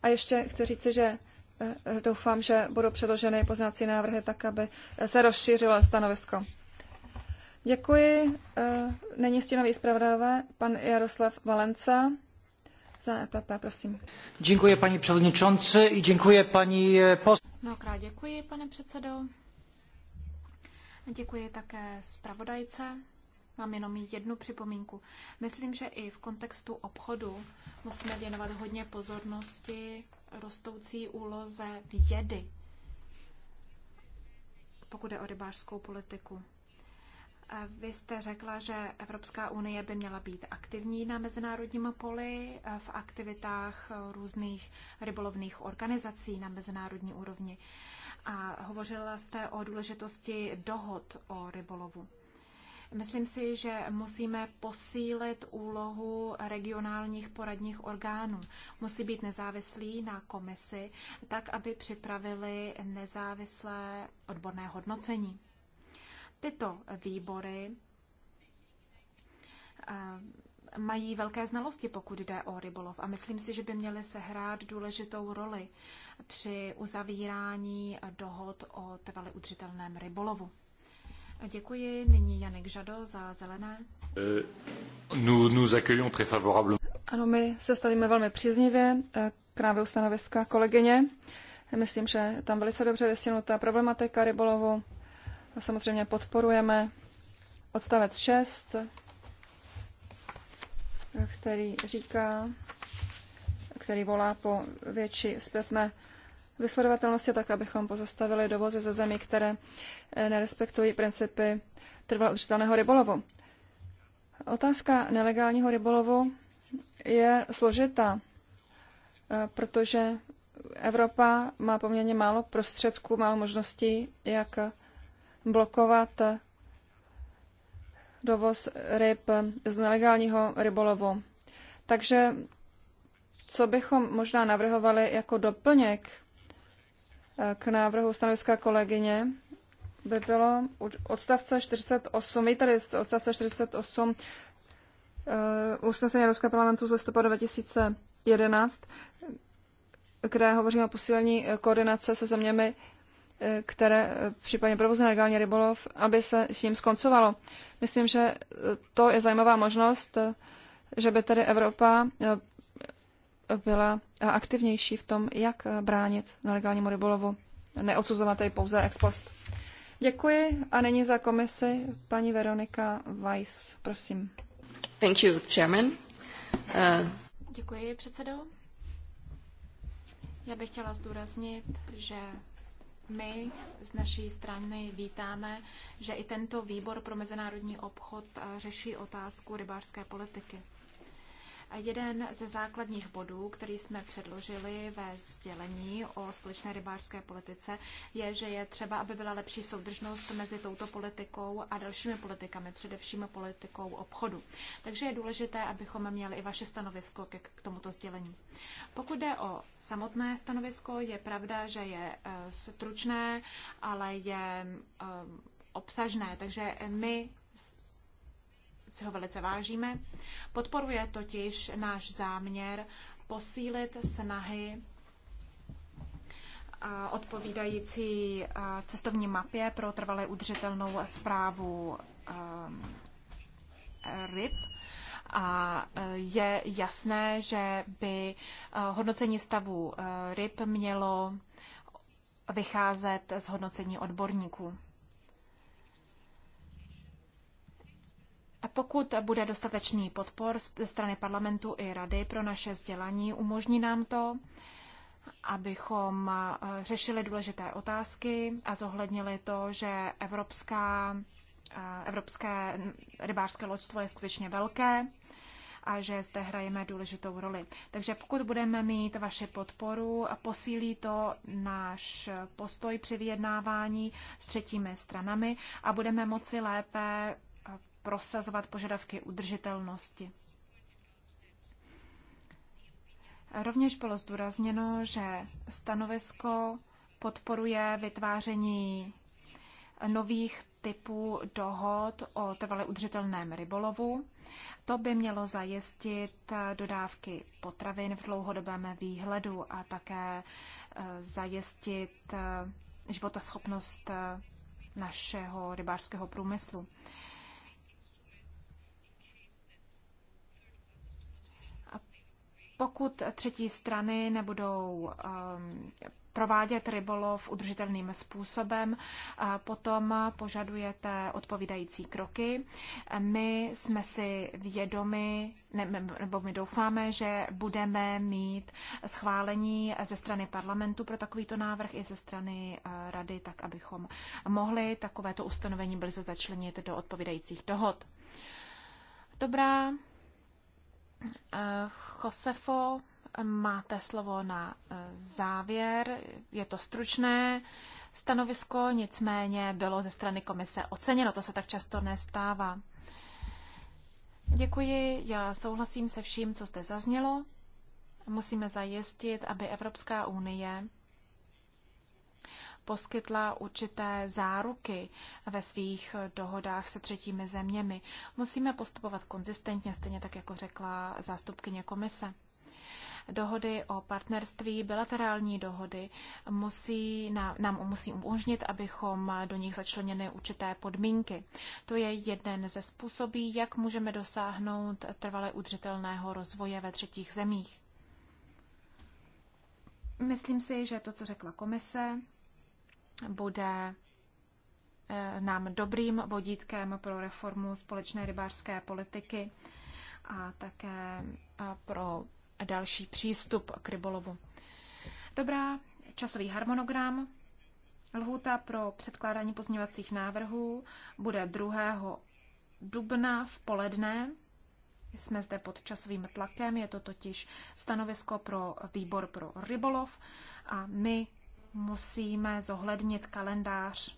A ještě chci říci, že eh, doufám, že budou předloženy poznací návrhy tak, aby se rozšířilo stanovisko. Děkuji. Eh, není stínový zpravodajové, pan Jaroslav Valenca za EPP, prosím. Děkuji, paní předsedničonce i děkuji, paní eh, poslankyně. Mnohokrát děkuji, pane předsedo. Děkuji také zpravodajce Mám jenom jednu připomínku. Myslím, že i v kontextu obchodu musíme věnovat hodně pozornosti rostoucí úloze vědy, pokud je o rybářskou politiku. Vy jste řekla, že Evropská unie by měla být aktivní na mezinárodním poli v aktivitách různých rybolovných organizací na mezinárodní úrovni. A hovořila jste o důležitosti dohod o rybolovu. Myslím si, že musíme posílit úlohu regionálních poradních orgánů. Musí být nezávislí na komisi, tak aby připravili nezávislé odborné hodnocení. Tyto výbory eh, mají velké znalosti, pokud jde o rybolov a myslím si, že by měly sehrát důležitou roli při uzavírání dohod o trvale udržitelném rybolovu. Děkuji. Nyní Janek Žado za zelené. Eh, nous, nous accueillons très favorablement. Ano, my se stavíme velmi příznivě eh, k návrhu stanoviska kolegyně. Myslím, že tam velice dobře vysvětlená problematika rybolovu. Samozřejmě podporujeme odstavec 6, eh, který říká, který volá po větší zpětné vysledovatelnosti, tak abychom pozastavili dovozy ze zemí, které eh, nerespektují principy trvalo udržitelného rybolovu. Otázka nelegálního rybolovu je složitá, eh, protože Evropa má poměrně málo prostředků, málo možností, jak blokovat eh, dovoz ryb z nelegálního rybolovu. Takže co bychom možná navrhovali jako doplněk k návrhu stanoviska kolegyně by bylo odstavce 48, my tady z odstavce 48 uh, eh, usnesení Evropského parlamentu z listopadu 2011, kde hovoříme o posílení eh, koordinace se zeměmi, eh, které případně provozují nelegální rybolov, aby se s ním skoncovalo. Myslím, že to je zajímavá možnost, že by tedy Evropa byla aktivnější v tom, jak bránit nelegálnímu rybolovu, neodsuzovat jej pouze ex post. Děkuji a nyní za komisi paní Veronika Weiss, prosím. Thank you, Chairman. Uh... Děkuji, předsedo. Já bych chtěla zdůraznit, že my z naší strany vítáme, že i tento výbor pro mezinárodní obchod uh, řeší otázku rybářské politiky. Jeden ze základních bodů, který jsme předložili ve sdělení o společné rybářské politice, je, že je třeba, aby byla lepší soudržnost mezi touto politikou a dalšími politikami, především politikou obchodu. Takže je důležité, abychom měli i vaše stanovisko k, k tomuto sdělení. Pokud jde o samotné stanovisko, je pravda, že je eh, stručné, ale je eh, obsažné, takže my si ho velice vážíme. Podporuje totiž náš záměr posílit snahy odpovídající cestovní mapě pro trvalé udržitelnou zprávu ryb. A e, je jasné, že by e, hodnocení stavu e, ryb mělo vycházet z hodnocení odborníků. Pokud bude dostatečný podpor ze strany parlamentu i rady pro naše sdělení, umožní nám to, abychom eh, řešili důležité otázky a zohlednili to, že evropská, eh, evropské rybářské loďstvo je skutečně velké a že zde hrajeme důležitou roli. Takže pokud budeme mít vaši podporu, posílí to náš postoj při vyjednávání s třetími stranami a budeme moci lépe prosazovat požadavky udržitelnosti. Rovněž bylo zdůrazněno, že stanovisko podporuje vytváření nových typů dohod o trvale udržitelném rybolovu. To by mělo zajistit dodávky potravin v dlouhodobém výhledu a také eh, zajistit eh, životaschopnost eh, našeho rybářského průmyslu. Pokud třetí strany nebudou um, provádět rybolov udržitelným způsobem. A uh, potom požadujete odpovídající kroky. My jsme si vědomi, nebo my doufáme, že budeme mít schválení ze strany parlamentu pro takovýto návrh i ze strany uh, rady, tak abychom mohli takovéto ustanovení brzy začlenit do odpovídajících dohod. Dobrá, Eh, Josefo, máte slovo na eh, závěr. Je to stručné stanovisko, nicméně bylo ze strany komise oceněno. To se tak často nestává. Děkuji, já souhlasím se vším, co zde zaznělo. Musíme zajistit, aby Evropská unie poskytla určité záruky ve svých dohodách se třetími zeměmi. Musíme postupovat konzistentně, stejně tak jako řekla zástupkyně komise. Dohody o partnerství, bilaterální dohody musí, nám musí umožnit, abychom do nich začleněny určité podmínky. To je jeden ze způsobů, jak můžeme dosáhnout trvale udržitelného rozvoje ve třetích zemích. Myslím si, že to, co řekla komise, bude eh, nám dobrým vodítkem pro reformu společné rybářské politiky a také eh, pro další přístup k rybolovu. Dobrá, časový harmonogram. Lhůta pro předkládání pozměňovacích návrhů bude 2. dubna v poledne. Jsme zde pod časovým tlakem, je to totiž stanovisko pro výbor pro rybolov a my musíme zohlednit kalendář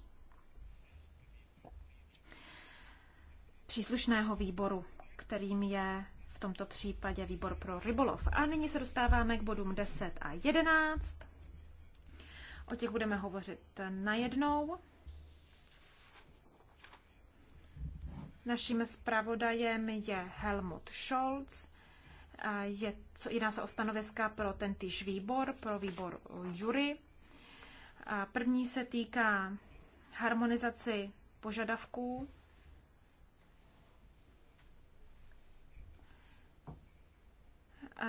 příslušného výboru, kterým je v tomto případě výbor pro rybolov. A nyní se dostáváme k bodům 10 a 11. O těch budeme hovořit najednou. Naším zpravodajem je Helmut Scholz. Je, jedná se o stanoviska pro tentýž výbor, pro výbor jury. První se týká harmonizaci požadavků.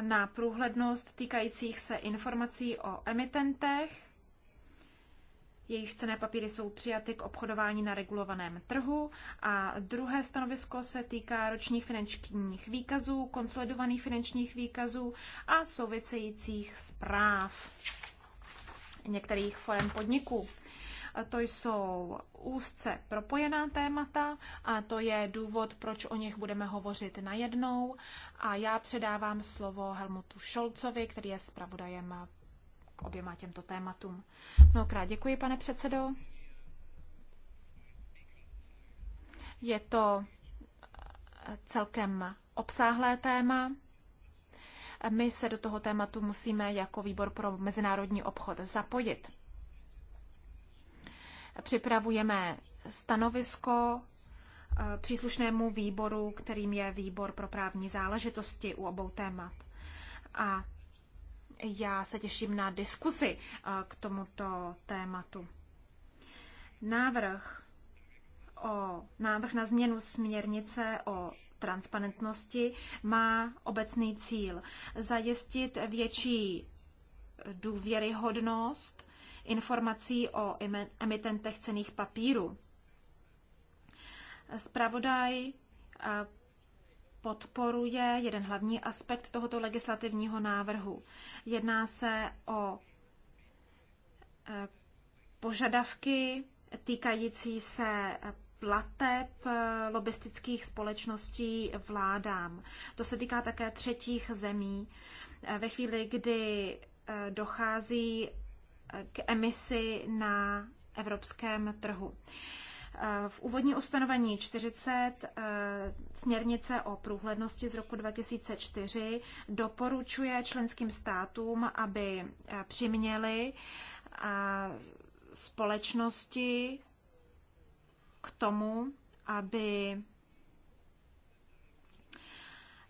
na průhlednost týkajících se informací o emitentech, jejichž cené papíry jsou přijaty k obchodování na regulovaném trhu. A druhé stanovisko se týká ročních finančních výkazů, konsolidovaných finančních výkazů a souvisejících zpráv některých forem podniků. To jsou úzce propojená témata a to je důvod, proč o nich budeme hovořit najednou. A já předávám slovo Helmutu Šolcovi, který je zpravodajem k oběma těmto tématům. Mnohokrát děkuji, pane předsedo. Je to celkem obsáhlé téma. My se do toho tématu musíme jako výbor pro mezinárodní obchod zapojit. Připravujeme stanovisko eh, příslušnému výboru, kterým je výbor pro právní záležitosti u obou témat. A já se těším na diskusi eh, k tomuto tématu. Návrh, o, návrh na změnu směrnice o transparentnosti má obecný cíl zajistit větší důvěryhodnost informací o emitentech cených papírů. Spravodaj eh, podporuje jeden hlavní aspekt tohoto legislativního návrhu. Jedná se o eh, požadavky týkající se plateb eh, lobistických společností vládám. To se týká také třetích zemí. Eh, ve chvíli, kdy eh, dochází k emisi na evropském trhu. V úvodní ustanovení 40 směrnice o průhlednosti z roku 2004 doporučuje členským státům, aby přiměli společnosti k tomu, aby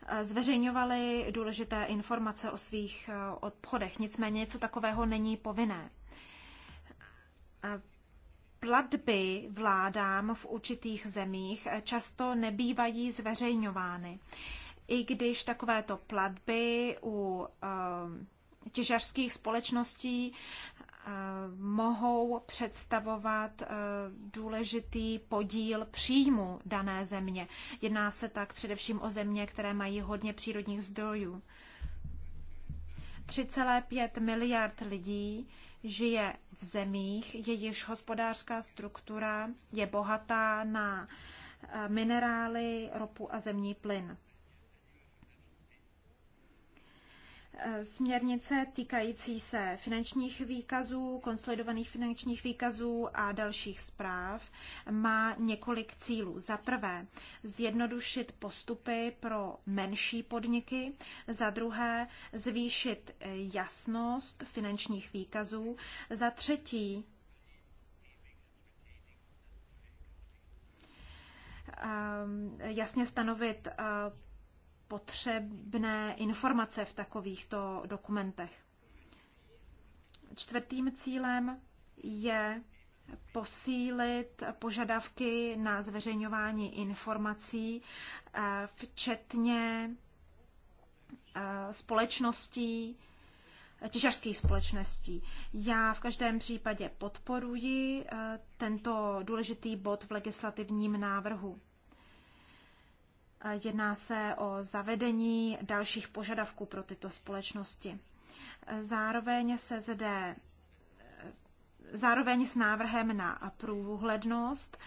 eh, zveřejňovali důležité informace o svých eh, obchodech. Nicméně něco takového není povinné. Eh, platby vládám v určitých zemích často nebývají zveřejňovány. I když takovéto platby u těžařských společností mohou představovat eh, důležitý podíl příjmu dané země. Jedná se tak především o země, které mají hodně přírodních zdrojů. 3,5 miliard lidí žije v zemích, jejichž hospodářská struktura je bohatá na eh, minerály, ropu a zemní plyn. Eh, směrnice týkající se finančních výkazů, konsolidovaných finančních výkazů a dalších zpráv má několik cílů. Za prvé, zjednodušit postupy pro menší podniky, za druhé, zvýšit jasnost finančních výkazů, za třetí, eh, jasně stanovit eh, potřebné informace v takovýchto dokumentech. Čtvrtým cílem je posílit požadavky na zveřejňování informací, eh, včetně eh, společností, těžařských společností. Já v každém případě podporuji eh, tento důležitý bod v legislativním návrhu. Jedná se o zavedení dalších požadavků pro tyto společnosti. Zároveň se zde Zároveň s návrhem na průhlednost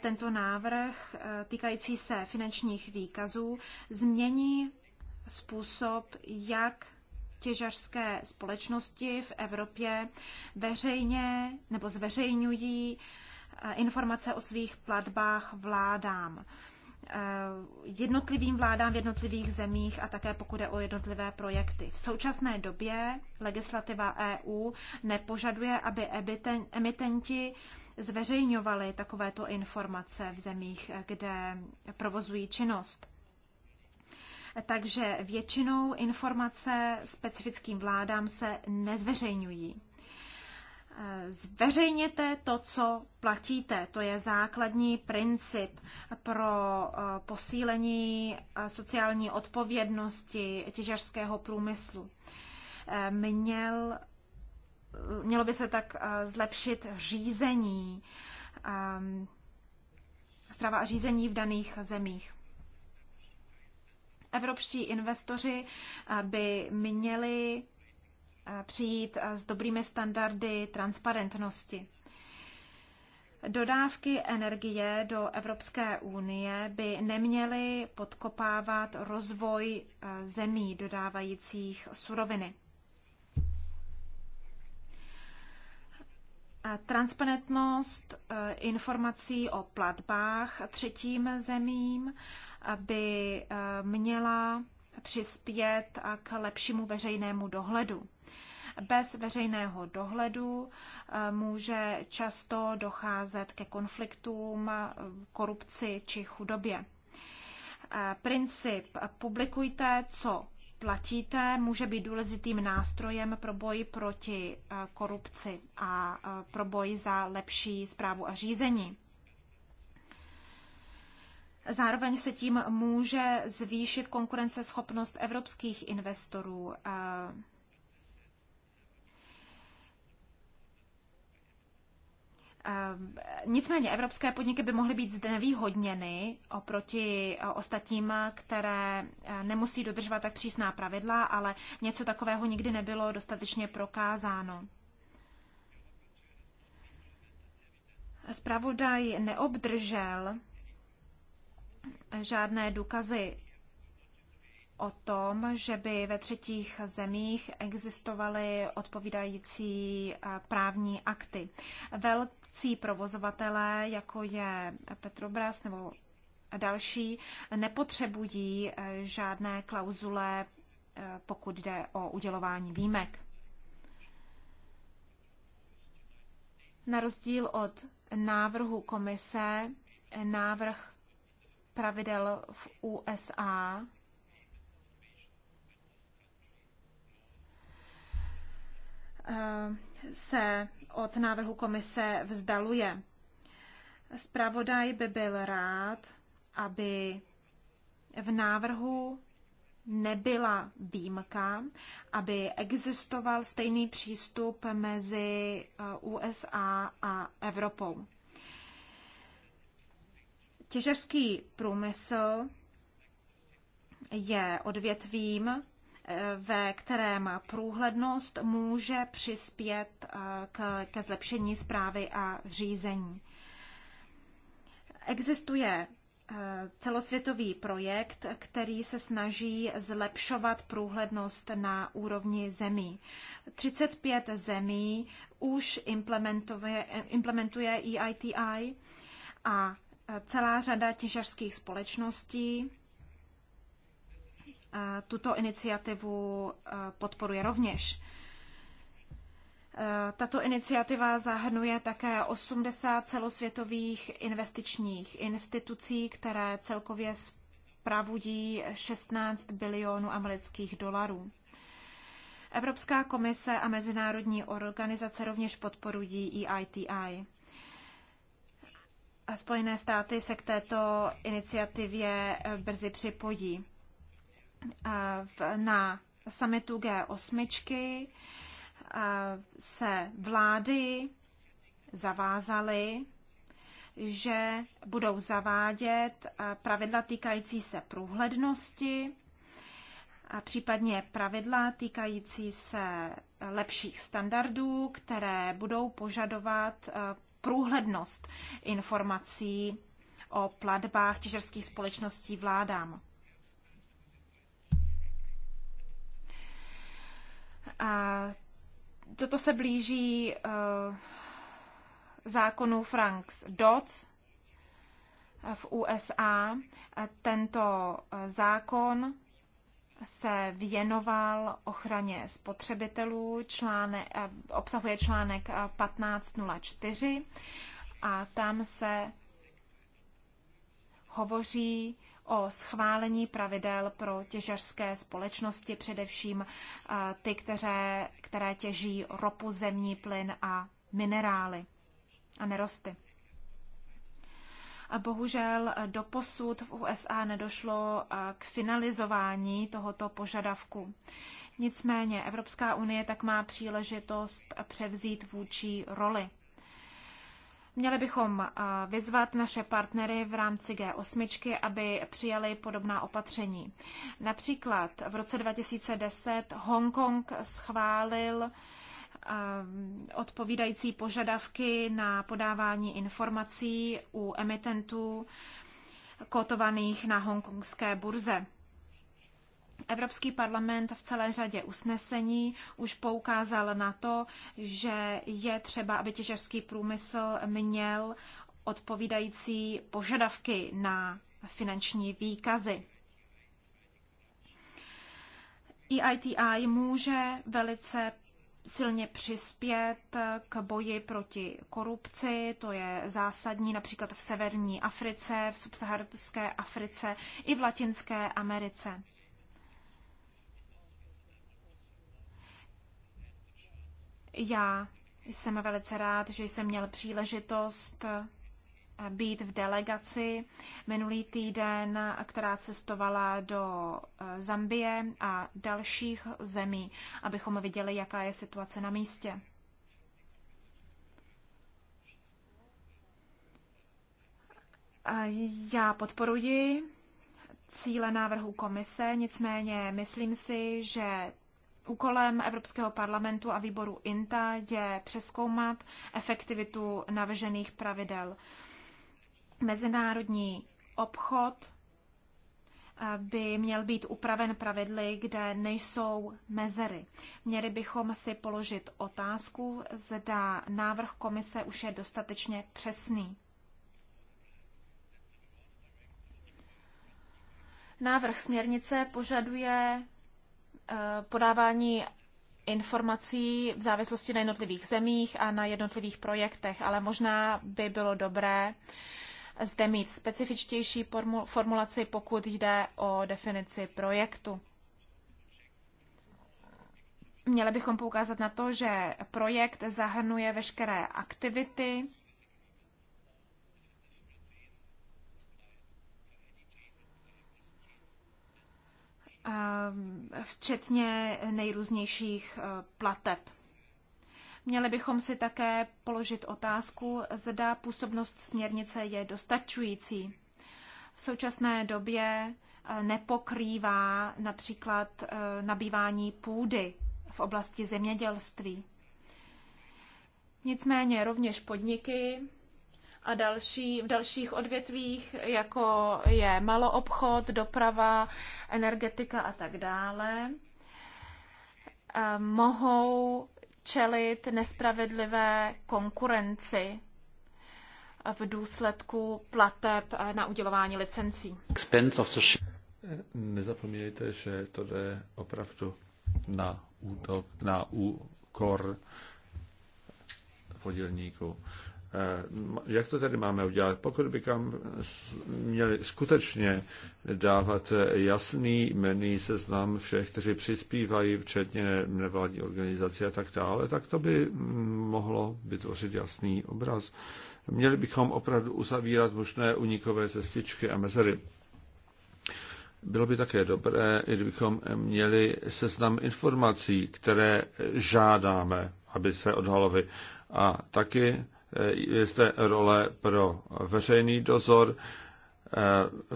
tento návrh týkající se finančních výkazů změní způsob, jak těžařské společnosti v Evropě veřejně nebo zveřejňují eh, informace o svých platbách vládám. Eh, jednotlivým vládám v jednotlivých zemích a také pokud jde o jednotlivé projekty. V současné době legislativa EU nepožaduje, aby emitenti zveřejňovali takovéto informace v zemích, kde provozují činnost. Takže většinou informace specifickým vládám se nezveřejňují. Zveřejněte to, co platíte. To je základní princip pro eh, posílení eh, sociální odpovědnosti těžařského průmyslu. Eh, měl, mělo by se tak zlepšit řízení, strava a řízení v daných zemích. Evropští investoři by měli přijít s dobrými standardy transparentnosti. Dodávky energie do Evropské unie by neměly podkopávat rozvoj e, zemí dodávajících suroviny. Transparentnost e, informací o platbách třetím zemím by e, měla přispět k lepšímu veřejnému dohledu. Bez veřejného dohledu eh, může často docházet ke konfliktům, eh, korupci či chudobě. Eh, princip publikujte, co platíte, může být důležitým nástrojem pro boj proti korupci a pro boj za lepší zprávu a řízení. Zároveň se tím může zvýšit konkurenceschopnost evropských investorů. Nicméně evropské podniky by mohly být znevýhodněny oproti ostatním, které e, nemusí dodržovat tak přísná pravidla, ale něco takového nikdy nebylo dostatečně prokázáno. Spravodaj neobdržel žádné důkazy o tom, že by ve třetích zemích existovaly odpovídající eh, právní akty. Velcí provozovatelé, jako je Petrobras nebo další, nepotřebují eh, žádné klauzule, eh, pokud jde o udělování výjimek. Na rozdíl od návrhu komise, návrh pravidel v USA, eh, se od návrhu komise vzdaluje. Spravodaj by byl rád, aby v návrhu nebyla výjimka, aby existoval stejný přístup mezi eh, USA a Evropou. Těžařský průmysl je odvětvím, eh, ve kterém průhlednost může přispět eh, k, ke zlepšení zprávy a řízení. Existuje eh, celosvětový projekt, který se snaží zlepšovat průhlednost na úrovni zemí. 35 zemí už implementuje, implementuje EITI a Celá řada těžařských společností tuto iniciativu e, podporuje rovněž. E, tato iniciativa zahrnuje také 80 celosvětových investičních institucí, které celkově spravují 16 bilionů amerických dolarů. Evropská komise a mezinárodní organizace rovněž podporují EITI. Spojené státy se k této iniciativě eh, brzy připojí. Na samitu G8 se vlády zavázaly, že budou zavádět eh, pravidla týkající se průhlednosti, a případně pravidla týkající se lepších standardů, které budou požadovat eh, průhlednost informací o platbách těžerských společností vládám. A toto se blíží uh, zákonu Franks Dodds v USA. Tento eh, zákon se věnoval ochraně spotřebitelů, článek, eh, obsahuje článek 1504 eh, a tam se hovoří o schválení pravidel pro těžařské společnosti, především eh, ty, které, které těží ropu, zemní plyn a minerály a nerosty. Bohužel eh, do posud v USA nedošlo eh, k finalizování tohoto požadavku. Nicméně Evropská unie tak má příležitost převzít vůči roli. Měli bychom eh, vyzvat naše partnery v rámci G8, aby přijali podobná opatření. Například v roce 2010 Hongkong schválil odpovídající požadavky na podávání informací u emitentů kotovaných na hongkongské burze. Evropský parlament v celé řadě usnesení už poukázal na to, že je třeba, aby těžerský průmysl měl odpovídající požadavky na finanční výkazy. EITI může velice silně přispět k boji proti korupci, to je zásadní například v severní Africe, v subsaharské Africe i v Latinské Americe. Já jsem velice rád, že jsem měl příležitost být v delegaci minulý týden, která cestovala do eh, Zambie a dalších zemí, abychom viděli, jaká je situace na místě. Já podporuji cíle návrhu komise, nicméně myslím si, že úkolem Evropského parlamentu a výboru INTA je přeskoumat efektivitu navržených pravidel. Mezinárodní obchod eh, by měl být upraven pravidly, kde nejsou mezery. Měli bychom si položit otázku, zda návrh komise už je dostatečně přesný. Návrh směrnice požaduje eh, podávání informací v závislosti na jednotlivých zemích a na jednotlivých projektech, ale možná by bylo dobré, zde mít specifičtější formulaci, pokud jde o definici projektu. Měli bychom poukázat na to, že projekt zahrnuje veškeré aktivity, včetně nejrůznějších e, plateb. Měli bychom si také položit otázku, zda působnost směrnice je dostačující. V současné době eh, nepokrývá například eh, nabývání půdy v oblasti zemědělství. Nicméně rovněž podniky a další, v dalších odvětvích, jako je maloobchod, doprava, energetika a tak dále, eh, mohou čelit nespravedlivé konkurenci v důsledku plateb na udělování licencí. Nezapomínejte, že to jde opravdu na útok, na úkor podělníků. Eh, jak to tady máme udělat? Pokud bychom měli skutečně dávat jasný jmený seznam všech, kteří přispívají, včetně nevládní organizace a tak dále, tak to by mohlo vytvořit jasný obraz. Měli bychom opravdu uzavírat možné unikové cestičky a mezery. Bylo by také dobré, kdybychom měli seznam informací, které žádáme, aby se odhalovy. A taky je zde role pro veřejný dozor, eh,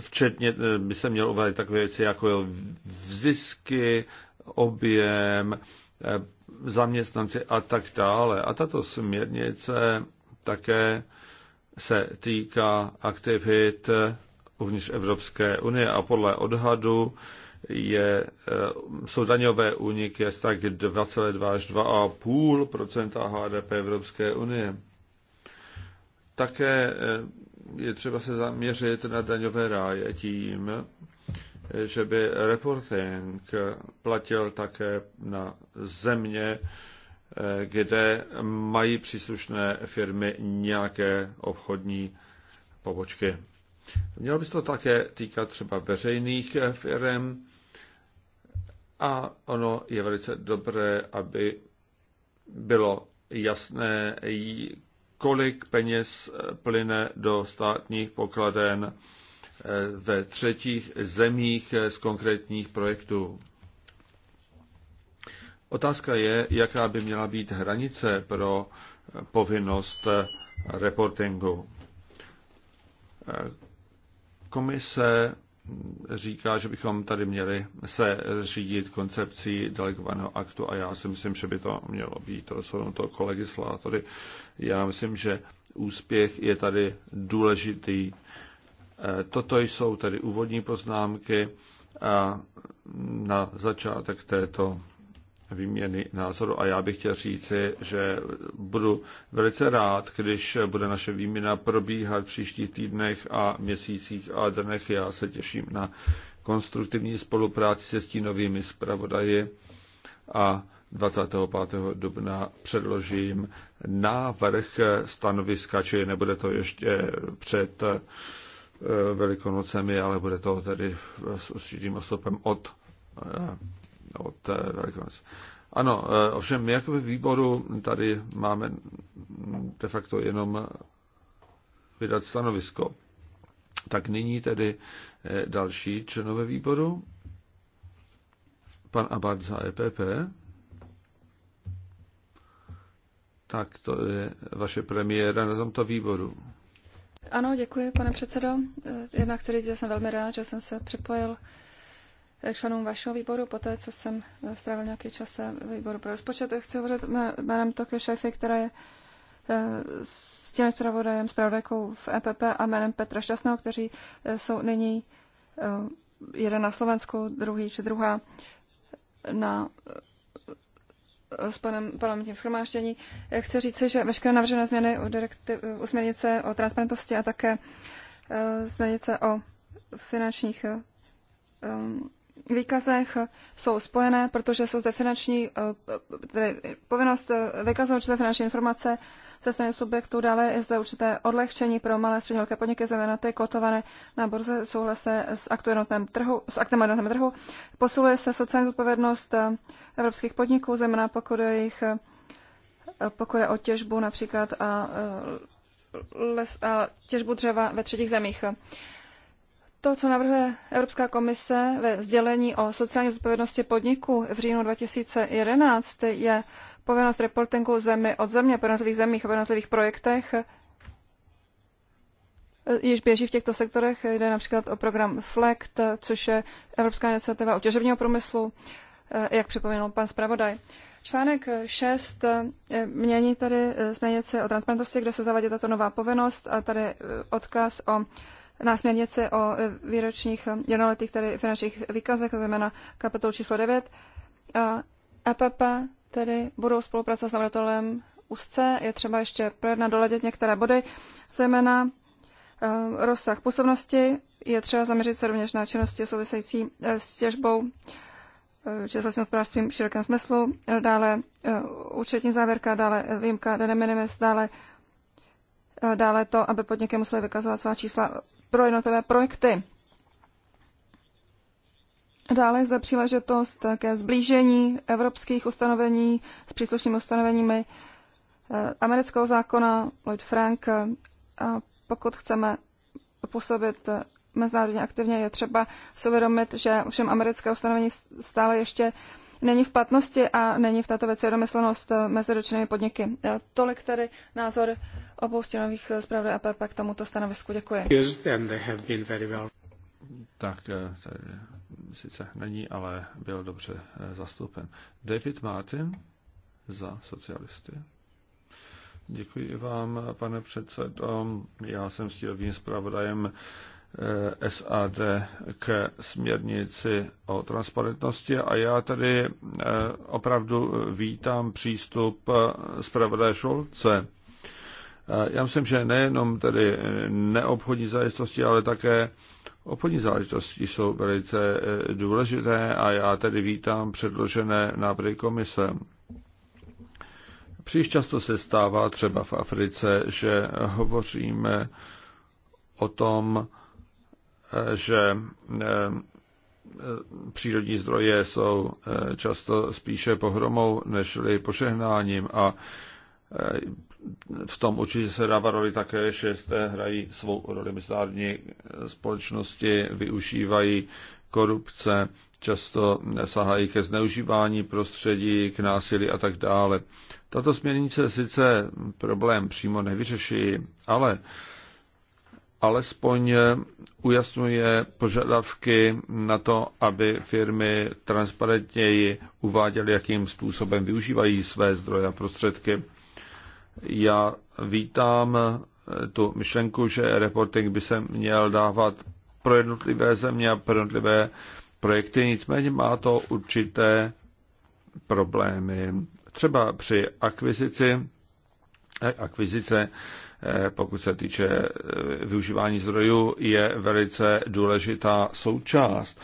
včetně eh, by se měl uvádět takové věci jako vzisky, objem, eh, zaměstnanci a tak dále. A tato směrnice také se týká aktivit uvnitř Evropské unie a podle odhadu je, jsou daňové úniky tak 2,2 až 2,5 HDP Evropské unie. Také eh, je třeba se zaměřit na daňové ráje tím, že by reporting platil také na země, eh, kde mají příslušné firmy nějaké obchodní pobočky. Mělo by se to také týkat třeba veřejných firm a ono je velice dobré, aby bylo jasné, kolik peněz eh, plyne do státních pokladen eh, ve třetích zemích eh, z konkrétních projektů. Otázka je, jaká by měla být hranice pro povinnost reportingu. Komise říká, že bychom tady měli se řídit koncepcí delegovaného aktu a já si myslím, že by to mělo být rozhodnuto kolegislátory. Já myslím, že úspěch je tady důležitý. E, toto jsou tedy úvodní poznámky a na začátek této výměny názoru. A já bych chtěl říci, že budu velice rád, když bude naše výměna probíhat v příštích týdnech a měsících a dnech. Já se těším na konstruktivní spolupráci se stínovými zpravodaji a 25. dubna předložím návrh stanoviska, či nebude to ještě před eh, Velikonocemi, ale bude to tedy s určitým osobem od eh, od no, Velikonoc. Ano, e, ovšem jako ve výboru tady máme de facto jenom vydat stanovisko. Tak nyní tedy e, další členové výboru. Pan Abad za EPP. Tak to je vaše premiéra na tomto výboru. Ano, děkuji, pane předsedo. E, jednak chci říct, že jsem velmi rád, že jsem se připojil členům vašeho výboru, poté co jsem eh, strávil nějaký čas výboru pro rozpočet. Chci hovořit jménem Tokio Šefy, která je eh, s tím zpravodajem, zpravodajkou v EPP a jménem Petra Šťastného, kteří eh, jsou nyní jeden na Slovensku, druhý či druhá na s panem parlamentním schromáždění. Chci říci, že veškeré navržené změny u, u směrnice o transparentnosti a také směrnice o finančních um, výkazech jsou spojené, protože jsou zde finanční, eh, tedy povinnost eh, vykazovat určité finanční informace se strany subjektů. Dále je zde určité odlehčení pro malé a střední velké podniky, zejména ty kotované na burze souhlase s, trhu, s aktem jednotném trhu. Posiluje se sociální odpovědnost eh, evropských podniků, zejména pokud je jejich pokud je o těžbu například a, les, a těžbu dřeva ve třetích zemích. To, co navrhuje Evropská komise ve sdělení o sociální zodpovědnosti podniku v říjnu 2011, je povinnost reportingu zemi od země po jednotlivých zemích a po jednotlivých projektech. Již běží v těchto sektorech, jde například o program FLECT, což je Evropská iniciativa o těžebního průmyslu, eh, jak připomenul pan zpravodaj. Článek 6 eh, mění tady eh, směrnici o transparentnosti, kde se zavádí tato nová povinnost a tady odkaz o na směrnici o e, výročních e, jednoletých tedy finančních výkazech, znamená kapitol číslo 9. A EPP tedy budou spolupracovat s laboratorem úzce. Je třeba ještě projednat, doladit některé body, zejména e, rozsah působnosti. Je třeba zaměřit se rovněž na činnosti související s těžbou českým hospodářstvím v širokém smyslu, dále účetní závěrka, dále výjimka de minimis, dále, dále to, aby podniky musely vykazovat svá čísla pro jednotlivé projekty. Dále je zde příležitost ke zblížení evropských ustanovení s příslušnými ustanoveními eh, amerického zákona Lloyd Frank. A pokud chceme působit mezinárodně aktivně, je třeba si uvědomit, že ovšem americké ustanovení stále ještě není v platnosti a není v této věci domyslenost mezi dočnými podniky. Eh, tolik tedy názor obou stěnových zpravodaj APP k tomuto stanovisku. Děkuji. Tak eh, tady sice není, ale byl dobře eh, zastoupen. David Martin za socialisty. Děkuji vám, pane předsedo. Já jsem tím zpravodajem eh, SAD k směrnici o transparentnosti a já tady opravdu vítám přístup zpravodaje Šolce já myslím, že nejenom tedy neobchodní záležitosti, ale také obchodní záležitosti jsou velice eh, důležité a já tedy vítám předložené návrhy komise. Příliš často se stává třeba v Africe, že hovoříme o tom, eh, že eh, přírodní zdroje jsou často spíše pohromou nežli požehnáním a v tom určitě se dává roli také, že zde hrají svou roli mezinárodní společnosti, využívají korupce, často sahají ke zneužívání prostředí, k násilí a tak dále. Tato směrnice sice problém přímo nevyřeší, ale alespoň ujasňuje požadavky na to, aby firmy transparentněji uváděly, jakým způsobem využívají své zdroje a prostředky. Já vítám eh, tu myšlenku, že reporting by se měl dávat pro jednotlivé země a pro jednotlivé projekty, nicméně má to určité problémy. Třeba při akvizici, eh, akvizice, eh, pokud se týče využívání zdrojů, je velice důležitá součást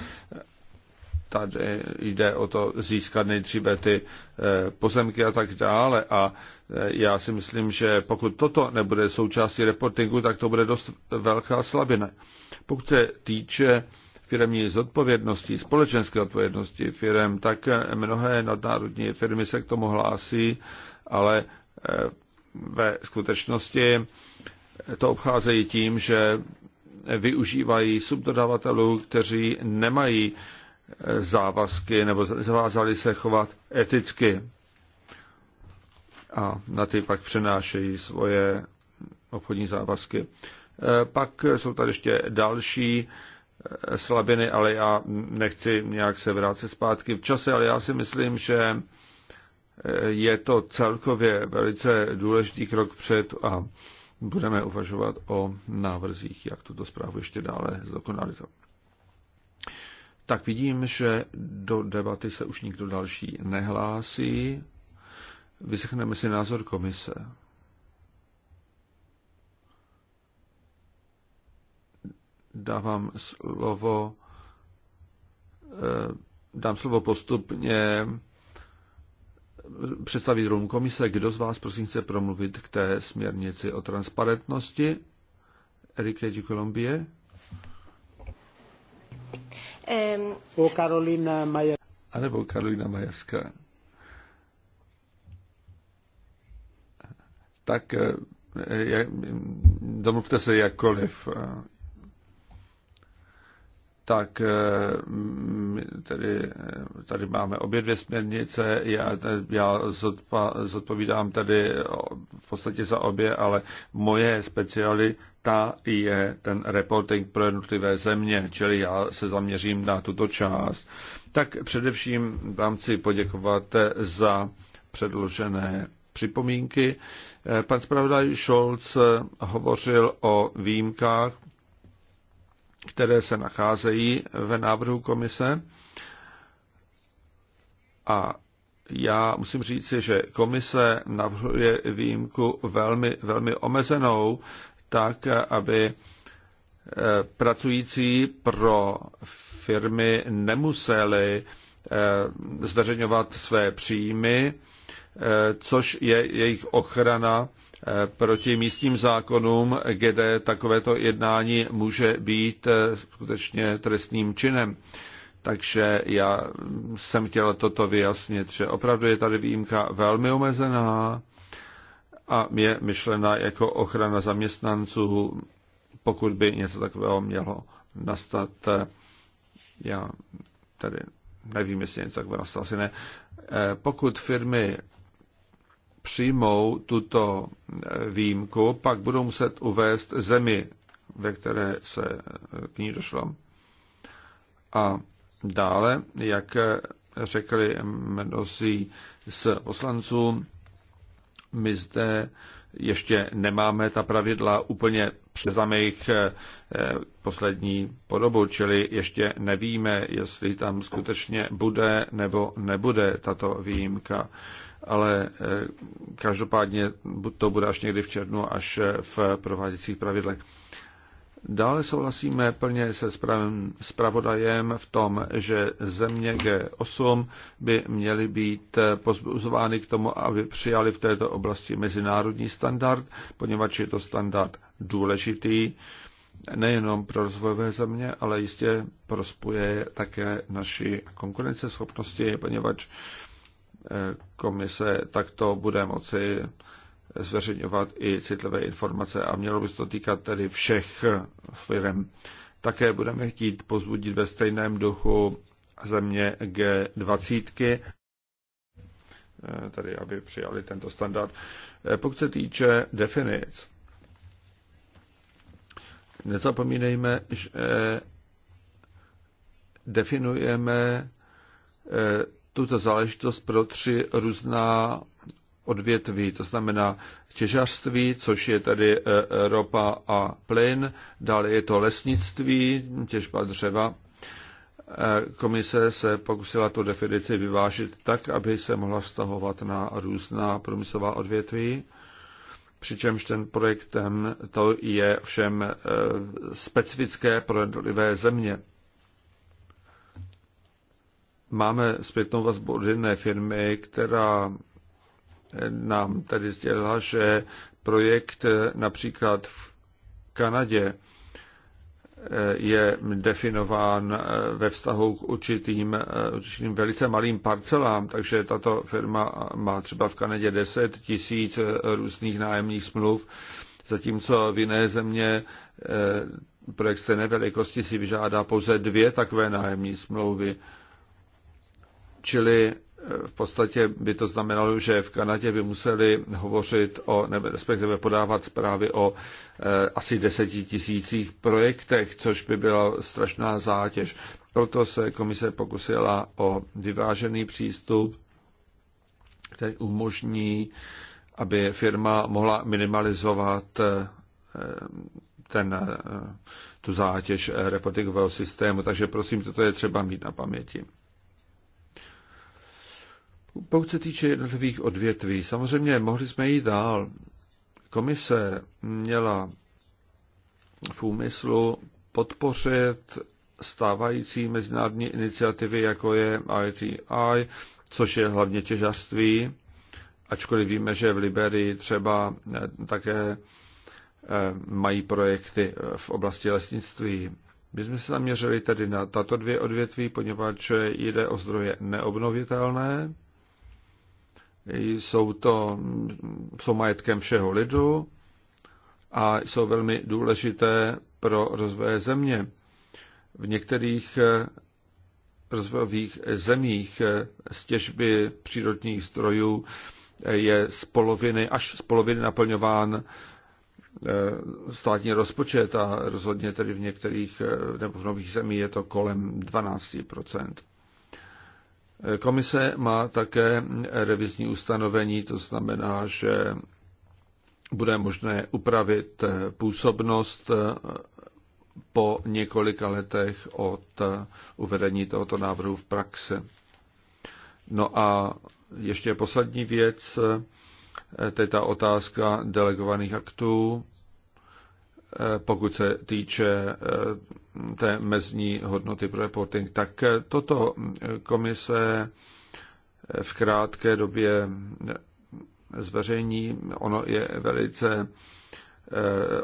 tady jde o to získat nejdříve ty eh, pozemky a tak dále. A eh, já si myslím, že pokud toto nebude součástí reportingu, tak to bude dost velká slabina. Pokud se týče firmní zodpovědnosti, společenské odpovědnosti firm, tak eh, mnohé nadnárodní firmy se k tomu hlásí, ale ve skutečnosti to obcházejí tím, že využívají subdodavatelů, kteří nemají závazky nebo zavázali se chovat eticky. A na ty pak přenášejí svoje obchodní závazky. E, pak jsou tady ještě další e, slabiny, ale já nechci nějak se vrátit zpátky v čase, ale já si myslím, že e, je to celkově velice důležitý krok před a budeme uvažovat o návrzích, jak tuto zprávu ještě dále zdokonalit tak vidím, že do debaty se už nikdo další nehlásí. Vysechneme si názor komise. Dávám slovo, eh, dám slovo postupně eh, rům komise. Kdo z vás, prosím, chce promluvit k té směrnici o transparentnosti? Erike Di Kolumbie. Um, o Karolina Majer. A nebo Karolina Majerská. Tak eh, je, domluvte se jakkoliv. Tak eh, tady eh, tady máme obě dvě směrnice. Já, já zodpa, zodpovídám tady v podstatě za obě, ale moje speciály ta je ten reporting pro jednotlivé země, čili já se zaměřím na tuto část. Tak především vám chci poděkovat za předložené připomínky. Pan zpravodaj Scholz hovořil o výjimkách, které se nacházejí ve návrhu komise. A já musím říci, že komise navrhuje výjimku velmi, velmi omezenou, tak, aby eh, pracující pro firmy nemuseli eh, zveřejňovat své příjmy, eh, což je jejich ochrana proti místním zákonům, kde takovéto jednání může být skutečně trestným činem. Takže já jsem chtěl toto vyjasnit, že opravdu je tady výjimka velmi omezená a je myšlena jako ochrana zaměstnanců, pokud by něco takového mělo nastat. Já tady nevím, jestli něco takového nastalo, asi ne. Pokud firmy přijmou tuto výjimku, pak budou muset uvést zemi, ve které se k ní došlo. A dále, jak řekli mnozí z poslanců, my zde ještě nemáme ta pravidla úplně přeznám jejich eh, poslední podobu, čili ještě nevíme, jestli tam skutečně bude nebo nebude tato výjimka. Ale eh, každopádně to bude až někdy v červnu, až eh, v prováděcích pravidlech. Dále souhlasíme plně se zpravodajem v tom, že země G8 by měly být pozbuzovány k tomu, aby přijali v této oblasti mezinárodní standard, poněvadž je to standard důležitý nejenom pro rozvojové země, ale jistě prospuje také naší konkurenceschopnosti, poněvadž eh, komise takto bude moci zveřejňovat i citlivé informace a mělo by se to týkat tedy všech firm. Také budeme chtít pozbudit ve stejném duchu země G20, eh, tady aby přijali tento standard. Eh, pokud se týče definic, nezapomínejme, že eh, definujeme tuto záležitost pro tři různá odvětví, to znamená těžařství, což je tady e, e, ropa a plyn, dále je to lesnictví, těžba dřeva. E, komise se pokusila tu definici vyvážit tak, aby se mohla vztahovat na různá průmyslová odvětví přičemž ten projektem to je všem specifické pro jednotlivé země. Máme zpětnou vazbu od jedné firmy, která nám tady sdělila, že projekt například v Kanadě eh, je definován eh, ve vztahu k určitým, eh, určitým velice malým parcelám, takže tato firma má třeba v Kanadě 10 tisíc různých nájemních smluv, zatímco v jiné země projekt stejné velikosti si vyžádá pouze dvě takové nájemní smlouvy. Čili v podstatě by to znamenalo, že v Kanadě by museli hovořit o, nebo respektive podávat zprávy o e, asi deseti tisících projektech, což by byla strašná zátěž. Proto se komise pokusila o vyvážený přístup, který umožní, aby firma mohla minimalizovat e, ten, e, tu zátěž reportingového systému. Takže prosím, toto je třeba mít na paměti. Pokud se týče jednotlivých odvětví, samozřejmě mohli jsme jít dál. Komise měla v úmyslu podpořit stávající mezinárodní iniciativy, jako je ITI, což je hlavně těžařství, ačkoliv víme, že v Liberii třeba eh, také eh, mají projekty eh, v oblasti lesnictví. My jsme se zaměřili tedy na tato dvě odvětví, poněvadž jde o zdroje neobnovitelné jsou, to, jsou majetkem všeho lidu a jsou velmi důležité pro rozvoje země. V některých eh, rozvojových zemích eh, z těžby přírodních zdrojů eh, je z poloviny, až z poloviny naplňován státní rozpočet a rozhodně tedy v některých nebo v nových zemích je to kolem 12 Komise má také revizní ustanovení, to znamená, že bude možné upravit působnost po několika letech od uvedení tohoto návrhu v praxi. No a ještě poslední věc, to je ta otázka delegovaných aktů. Eh, pokud se týče eh, té mezní hodnoty pro reporting, tak eh, toto mm, komise v krátké době zveřejní. Ono je velice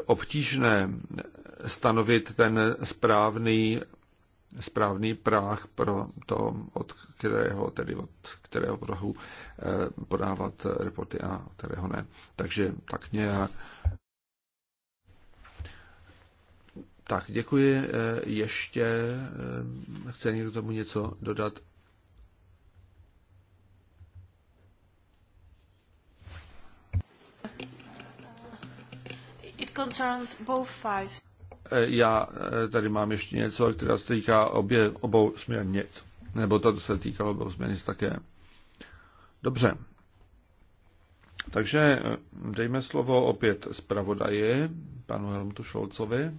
obtížné stanovit ten správný, správný práh pro to, od kterého, tedy od kterého prahu podávat reporty a kterého ne. Takže tak nějak Tak, děkuji. Eh, ještě eh, chce někdo tomu něco dodat? It concerns both files. Eh, já tady mám ještě něco, která se týká obě, obou směrnic. Nebo to se týkalo obou směrnic také. Dobře. Takže dejme slovo opět zpravodaji, panu Helmutu Šolcovi.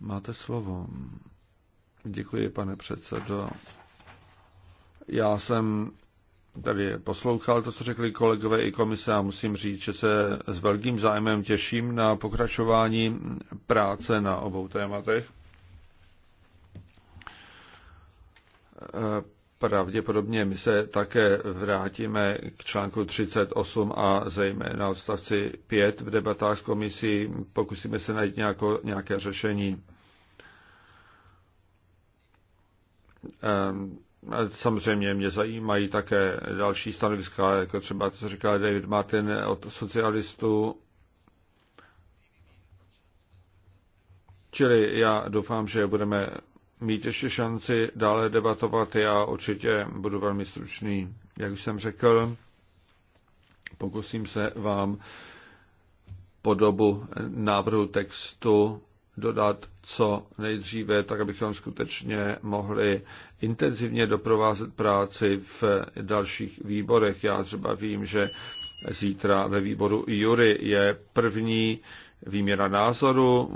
Máte slovo. Děkuji, pane předsedo. Já jsem tady poslouchal to, co řekli kolegové i komise a musím říct, že se s velkým zájmem těším na pokračování práce na obou tématech pravděpodobně my se také vrátíme k článku 38 a zejména odstavci 5 v debatách s komisí. Pokusíme se najít nějako, nějaké řešení. Um, Samozřejmě mě zajímají také další stanoviska, jako třeba to, co říkal David Martin od socialistů. Čili já doufám, že budeme mít ještě šanci dále debatovat. Já určitě budu velmi stručný. Jak už jsem řekl, pokusím se vám podobu návrhu textu dodat co nejdříve, tak abychom skutečně mohli intenzivně doprovázet práci v dalších výborech. Já třeba vím, že zítra ve výboru Jury je první výměna názoru,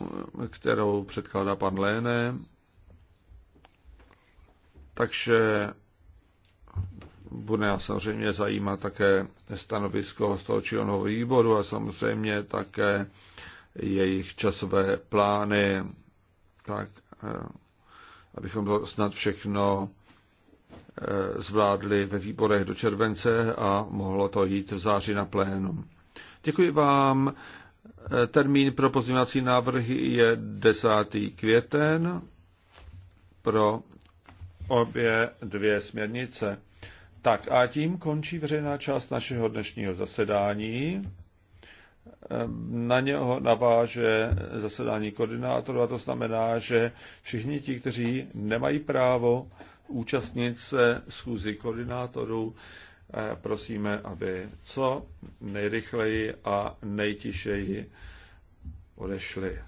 kterou předkládá pan Léne takže bude nás samozřejmě zajímat také stanovisko z toho či onoho výboru a samozřejmě také jejich časové plány, tak eh, abychom to snad všechno eh, zvládli ve výborech do července a mohlo to jít v září na plénum. Děkuji vám. Eh, termín pro pozměňovací návrhy je 10. květen pro obě dvě směrnice. Tak a tím končí veřejná část našeho dnešního zasedání. Na něho naváže zasedání koordinátorů a to znamená, že všichni ti, kteří nemají právo účastnit se schůzi koordinátorů, prosíme, aby co nejrychleji a nejtišeji odešli.